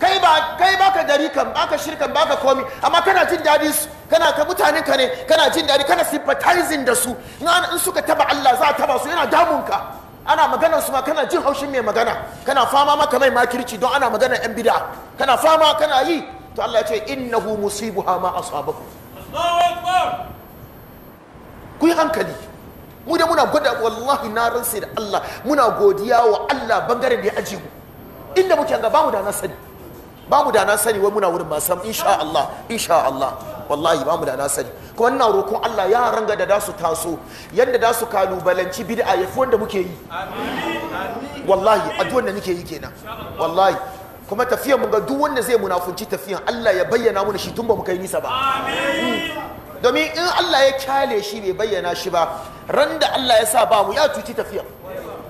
Speaker 1: kai ba kai baka gari kan baka shirkan baka komi amma kana jin dadi su kana ka mutanen ka ne kana jin dadi kana sympathizing da su in suka taba Allah za a taba su yana damunka ana magana su ma kana jin haushin mai magana kana fama maka mai makirci don ana magana yan bid'a kana fama kana yi to Allah ya ce innahu musibuha ma asabahu ku yi hankali mu da muna gwada wallahi na rantsi da Allah muna godiya wa Allah bangaren da ya aje mu inda muke ga bamu da na sani bamu da na sani wai muna wurin ba sam insha Allah insha Allah wallahi ba mu da sani kuma ina roƙon Allah ya ga da dasu taso yadda da su kalubalanci bid'a yafi wanda muke yi wallahi addu'ar da nake yi kenan wallahi kuma tafiyan mun ga duk wanda zai munafunci tafiyan Allah ya bayyana mana shi tun ba mu kai nisa ba domin in Allah ya kyale shi bai bayyana shi ba ran da Allah ya sa ba mu ya cuci tafiyan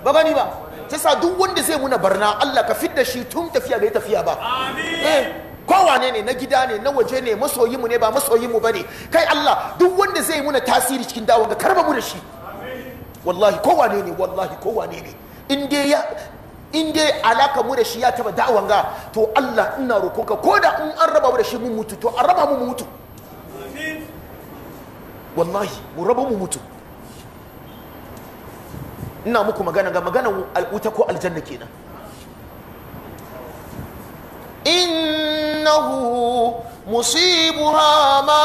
Speaker 1: ba gani ba ta sa duk wanda zai muna barna Allah ka fidda shi tun tafiya bai tafiya ba amin eh, kowane ne na gida ne na waje ne masoyi mu ne ba masoyi mu bane kai Allah duk wanda zai muna tasiri cikin dawo ga karba mu da shi wallahi kowane ne wallahi kowane ne in dai ya in dai alaka mu da shi ya taba da'awan ga to Allah ina roƙonka ko da in an raba mu da shi mun mutu to an raba mu mutu wallahi mu raba mu mutu ina muku magana ga magana wuta ko aljanna kenan إنه مصيبها ما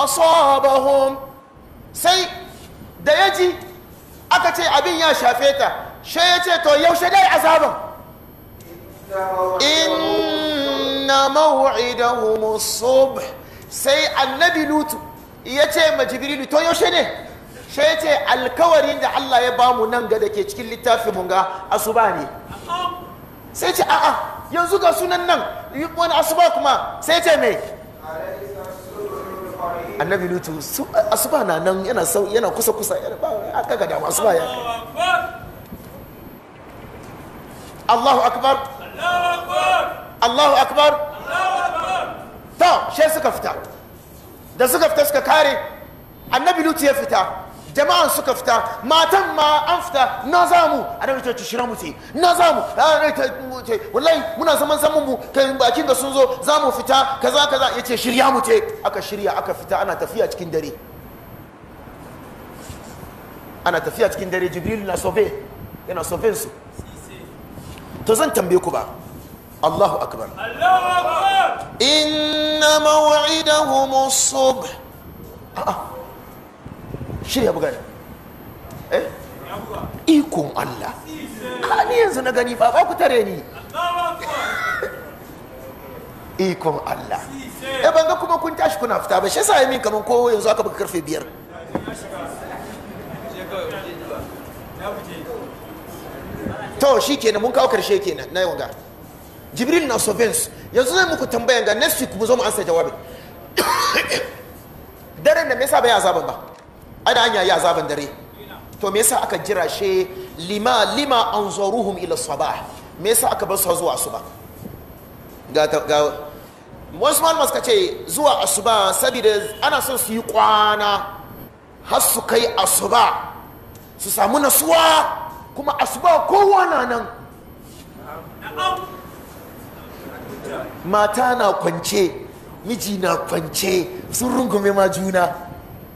Speaker 1: asabahum sai da yaji aka ce abin ya shafe ta she ya ce to yaushe dai azaban inna sai annabi lutu ya ce ma jibrilu to yaushe ne she ya ce alkawarin da Allah ya bamu nan ga da ke cikin littafin mun ga asuba ne sai ce a'a yanzu ga sunan nan wani asuba kuma sai ce mai annabi lutu asuba na nan yana sau yana kusa kusa yana ba aka ga dama asuba ya Allahu akbar Allahu akbar to shi suka fita da suka fita suka kare annabi lutu ya fita jama'an suka fita matan ma an fita na zamu a da ta shira mu sai na zamu wallahi muna zaman zaman mu kai bakin da sun zo za mu fita kaza kaza yace shirya mu ce aka shirya aka fita ana tafiya cikin dare ana tafiya cikin dare jibril na sobe yana sobe su to zan tambaye ku ba Allahu akbar Allahu akbar inna maw'idahum as a'a shirya ya buga eh ikon Allah ni yanzu na gani ba ba ku tare ni ikon Allah eh banga kuma kun tashi kuna fita ba shi yasa min kaman ko yanzu aka buga karfe biyar to shi kenan mun kawo karshe kenan na yau ga jibril na sovens yanzu zai muku tambayan ga next week mu zo mu ansa jawabin daren da me yasa bai azaban ba ai da ya yayi azaban dare to me yasa aka jira she lima lima anzuruhum ila sabah me yasa aka bar su zuwa asuba ga ga wasu malama zuwa asuba saboda ana son su yi kwana har su kai asuba su samu nasuwa kuma asuba kowa na nan mata na kwance miji na kwance sun rungume ma juna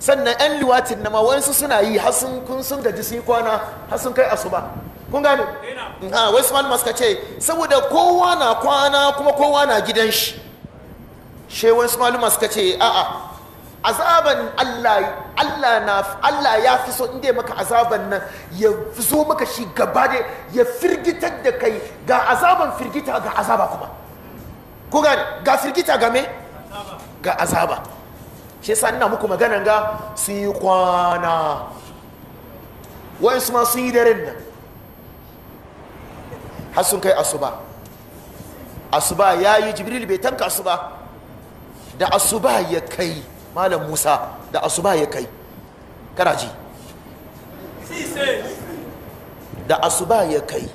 Speaker 1: sannan yan liwatin na ma wasu suna yi hasun kun sun gaji sun kwana hasun kai asuba kun gane ha ah, wasu malama suka ce saboda kowa na kwana kuma kowa na gidan shi she wasu malama suka ce a'a azaban Allah Allah na Allah ya fi so inda maka azaban nan ya zo maka shi gaba da ya firgitar da kai ga azaban firgita ga azaba kuma ko ga firgita ga me ga azaba shi yasa ina muku maganan ga su yi kwana wayansu ma sun yi daren nan har sun kai asuba asuba ya yi jibril bai tanka asuba da asuba ya kai malam musa da asuba ya kai kana ji da asuba ya kai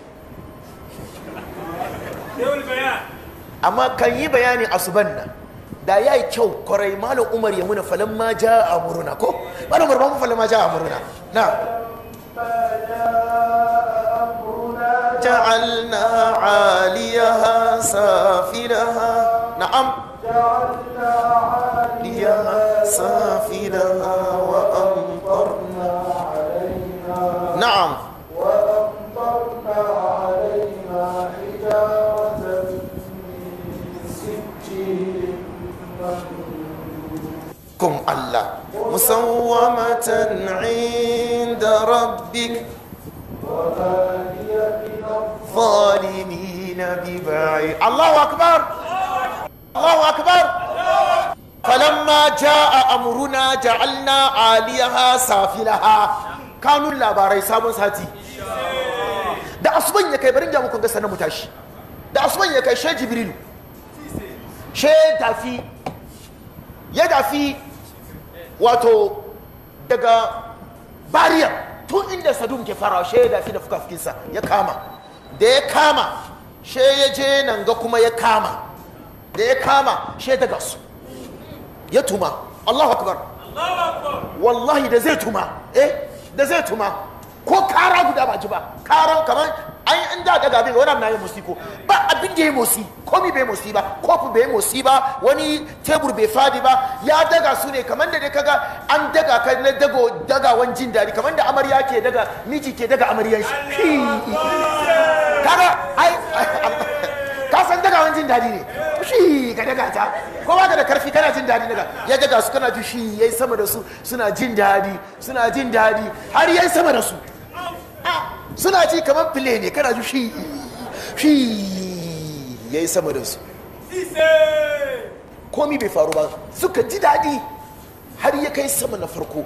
Speaker 1: amma kan yi bayani asuban nan da ya yi kyau kwarai malam umar ya muna falon ma ja a muruna ko malam umar ba mu falon ma ja a muruna na جعلنا عاليها سافلها نعم جعلنا عاليها سافلها وأمطرنا عليها نعم kun Allah musawwamatan inda rabbik ظالمين ببعيد الله أكبر الله أكبر فلما جاء أمرنا جعلنا aliyaha safilaha. kanun labarai sabon sati da asuban ya kai barin jamukun gasa na mutashi da asuban ya kai she jibrilu she ya tafi. wato daga bariya tun inda sadun ke farawa shi ya dafi da fukafukinsa ya kama da ya kama shi ya je nan ga kuma ya kama da ya kama shi daga su ya tuma Allahu akbar wallahi da zai tuma eh da zai tuma ko kara guda ba ji ba karan kamar ai in da daga abin wani abu na ko ba abin da ya motsi komi bai musi ba kofi bai musi ba wani tebur bai fadi ba ya daga su ne kamar da dai kaga an daga ka na dago wani jin dadi kamar da amarya ke daga miji ke daga amaryan shi kaga ai ka san daga wani jin dadi ne shi ka daga ta kowa da karfi kana jin dadi daga ya daga su kana ji shi yayi sama da su suna jin dadi suna jin dadi har yayi sama da su suna ji kamar file ne kana ji shi shi yayi sama da su komi bai faru ba suka ji daɗi har ya kai sama na farko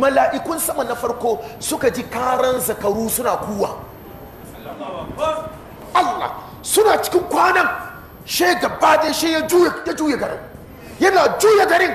Speaker 1: mala'ikun sama na farko suka ji karan zakaru suna kuwa Allah suna cikin kwanan shi gaba da shi ya juya garin yana juya garin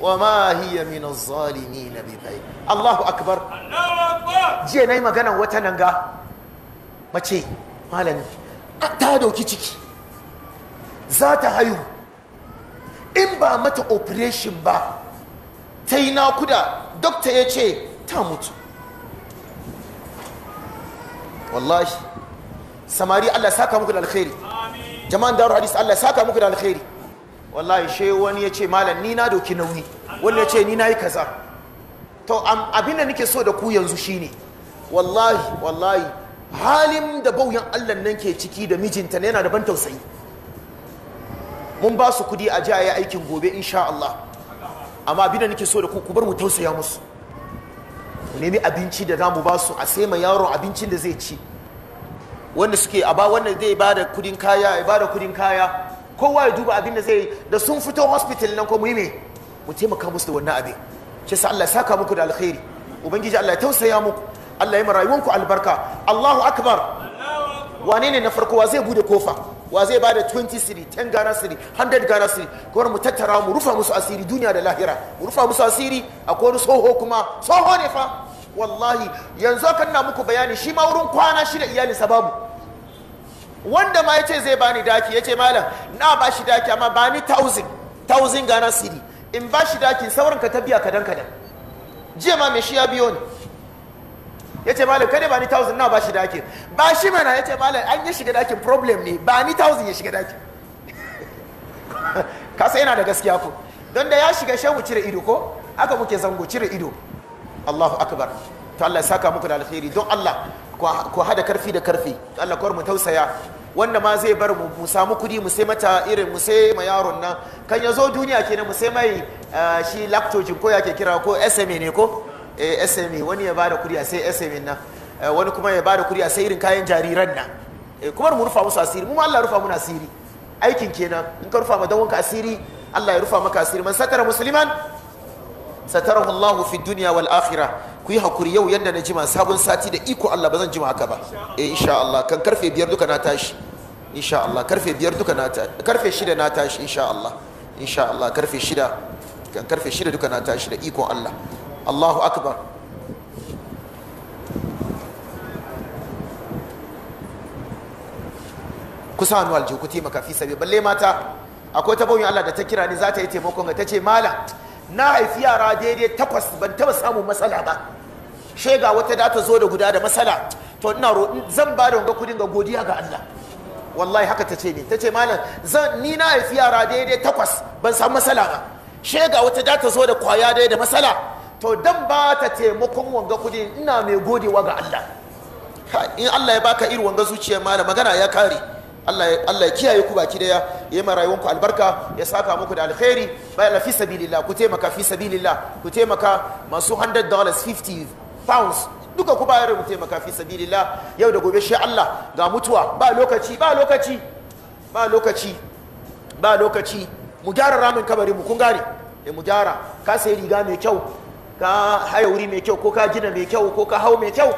Speaker 1: wa ma hiya min az-zalimin bi bai Allahu akbar Allahu akbar je nayi maganan wata nan ga mace malami ta doki ciki za ta hayu in ba mata operation ba ta yi nakuda dokta ya ce ta mutu wallahi samari Allah saka muku da alkhairi jama'an daru hadisi, Allah saka muku da alkhairi wallahi shi wani ya ce malam ni na doki nauyi wani ya ce ni na yi kaza to abin da nake so da ku yanzu shine wallahi wallahi halin da bauyan allah nan ke ciki da mijinta yana da ban tausayi mun ba su kudi a ji a yi aikin gobe insha Allah amma abin da nake so da ku ku bar mu tausaya musu ku nemi abinci da za mu ba su a sai ma yaron abincin da zai ci wanda suke a ba wanda zai ba da kudin kaya ya ba da kudin kaya kowa ya duba abin da zai yi da sun fito hospital nan ko mu yi mu taimaka musu da wannan abin shi sa Allah saka muku da alkhairi ubangiji Allah ya tausaya muku Allah ya marayuwan ku albarka Allahu akbar wane ne na farko wa zai bude kofa wa zai bada 20 siri 10 gana siri 100 gana siri kawai mu tattara mu rufa musu asiri duniya da lahira mu rufa musu asiri akwai wani soho kuma soho ne fa wallahi yanzu kan na muku bayani shi ma wurin kwana shi da iyalinsa babu wanda ma ya ce zai bani daki ya ce malam na ba shi daki amma ba ni thousand thousand gana siri in ba shi daki sauran ka tabiya kadan kadan jiya ma me shi ya biyo ni ya ce malam kada ba ni thousand na ba shi dakin ba shi mana ya ce malam an ya shiga dakin problem ne ba ni thousand ya shiga dakin sai yana da gaskiya ko don da ya shiga shehu cire ido ko aka muke zango cire ido Allahu akbar to Allah ya saka muku da alkhairi don Allah ku hada karfi da karfi Allah kawar mu tausaya wanda ma zai bar mu samu kudi mu sai mata irin mu sai ma yaron nan kan ya zo duniya kenan mu sai mai eh, shi lactogen ko ya ke kira ko SMA e ne ko eh SMA e. wani ya bada kudi a sai SMA e nan eh, wani kuma ya bada kudi a sai irin kayan jariran nan eh, kuma mu rufa musu asiri mu ma Allah rufa muna asiri aikin kenan in ka rufa ma dan wanka asiri Allah ya rufa maka asiri man satara musliman satarahu Allah fi dunya wal akhirah ku yi hakuri yau yadda na jima sabon sati da iko Allah ba zan jima haka ba eh insha Allah kan karfe biyar duka na tashi insha Allah karfe biyar duka na tashi karfe shida na tashi insha Allah insha Allah karfe shida kan karfe shida duka na tashi da ikon Allah Allahu akbar kusa hannu aljihu ku taimaka fi sabi balle mata akwai ta bauyin Allah da ta kira ni za ta yi taimakon ga ta ce malam na haifi yara daidai takwas ban taba samun matsala ba shega wata da ta zo da guda da matsala to ina ro zan ba da wanga kudin ga godiya ga Allah wallahi haka ta ce ne ta ce malam zan ni na haifi yara daidai takwas ban samu matsala ba shega wata da ta zo da kwaya daidai da matsala to dan ba ta taimakon wanga kudin ina mai godewa ga Allah in Allah ya baka irin wanga zuciyar malam magana ya kare Allah ya kiyaye ku baki daya ya yi ku albarka ya saka muku da alkhairi bayan fi sabilillah ku taimaka fi sabilillah ku taimaka masu 100 dollars 50 pounds duka ku bayar ku taimaka fi sabilillah yau da gobe shi Allah ga mutuwa ba lokaci ba lokaci ba lokaci ba lokaci mu gyara ramin kabari mu kun gane eh mu gyara ka sai riga mai kyau ka haya wuri mai kyau ko ka gina mai kyau ko ka hau mai kyau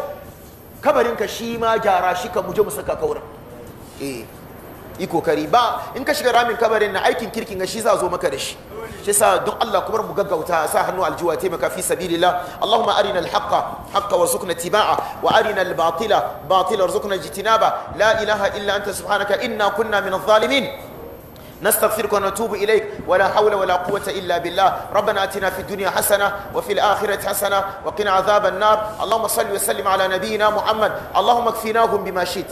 Speaker 1: kabarin ka shi ma gyara shi ka muje mu saka kaura. eh yi kokari ba in ka shiga ramin kabarin na aikin kirkin shi za zo maka da shi shi sa don Allah kuma mu gaggauta sa hannu aljiwa taimaka fi sabilillah Allahumma arina alhaqa haqqa warzuqna tibaa wa arina albatila batila warzuqna jitinaba la ilaha illa anta subhanaka inna kunna min adh-dhalimin نستغفرك ونتوب إليك ولا حول ولا قوة إلا بالله ربنا أتنا في الدنيا حسنة وفي الآخرة حسنة وقنا عذاب النار اللهم صل وسلم على نبينا محمد اللهم اكفناهم بما شئت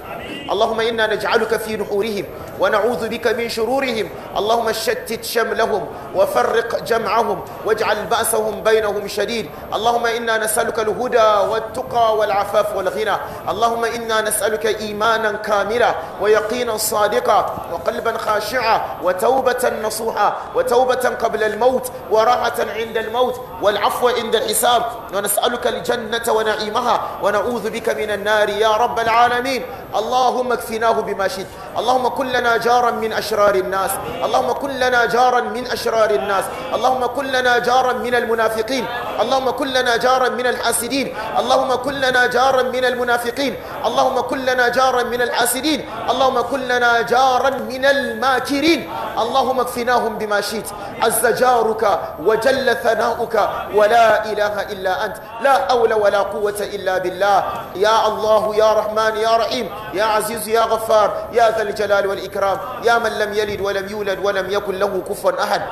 Speaker 1: اللهم إنا نجعلك في نحورهم ونعوذ بك من شرورهم اللهم شتت شملهم وفرق جمعهم واجعل بأسهم بينهم شديد اللهم إنا نسألك الهدى والتقى والعفاف والغنى اللهم إنا نسألك إيمانا كاملا ويقينا صادقا وقلبا خاشعا وتوبة نصوحة وتوبة قبل الموت وراحة عند الموت والعفو عند الحساب ونسألك الجنة ونعيمها ونعوذ بك من النار يا رب العالمين اللهم اكفناه بما شئت اللهم كن لنا جارا من أشرار الناس اللهم كن لنا جارا من أشرار الناس اللهم كن لنا جارا من المنافقين اللهم كن لنا جارا من الحاسدين اللهم كن لنا جارا من المنافقين اللهم كن لنا جارا من الحاسدين اللهم كن لنا جارا من الماكرين اللهم اكفناهم بما شئت عز جارك وجل ثناؤك ولا إله إلا أنت لا حول ولا قوة إلا بالله يا الله يا رحمن يا رحيم يا عزيز يا غفار يا ذا الجلال والإكرام يا من لم يلد ولم يولد ولم يكن له كفوا أحد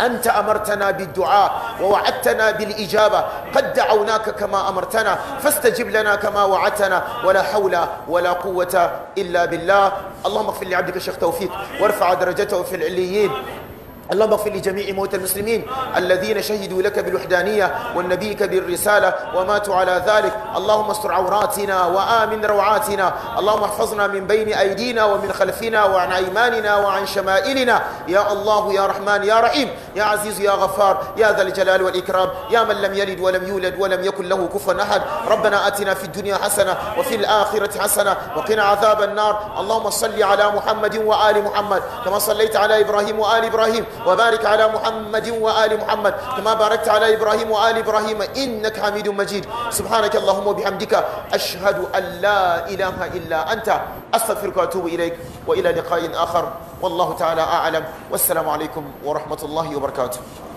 Speaker 1: أنت أمرتنا بالدعاء ووعدتنا بالإجابة قد دعوناك كما أمرتنا فاستجب لنا كما وعدتنا ولا حول ولا قوة إلا بالله اللهم اغفر لعبدك الشيخ توفيق وارفع درجته في العليين اللهم اغفر لجميع موتى المسلمين الذين شهدوا لك بالوحدانية والنبيك بالرسالة وماتوا على ذلك اللهم استر عوراتنا وآمن روعاتنا اللهم احفظنا من بين أيدينا ومن خلفنا وعن أيماننا وعن شمائلنا يا الله يا رحمن يا رحيم يا عزيز يا غفار يا ذا الجلال والإكرام يا من لم يلد ولم يولد ولم يكن له كفوا أحد ربنا آتنا في الدنيا حسنة وفي الآخرة حسنة وقنا عذاب النار اللهم صل على محمد وآل محمد كما صليت على إبراهيم وآل إبراهيم وبارك على محمد وآل محمد كما باركت على إبراهيم وآل إبراهيم إنك حميد مجيد سبحانك اللهم وبحمدك أشهد أن لا إله إلا أنت أستغفرك وأتوب إليك وإلى لقاء آخر والله تعالى أعلم والسلام عليكم ورحمة الله وبركاته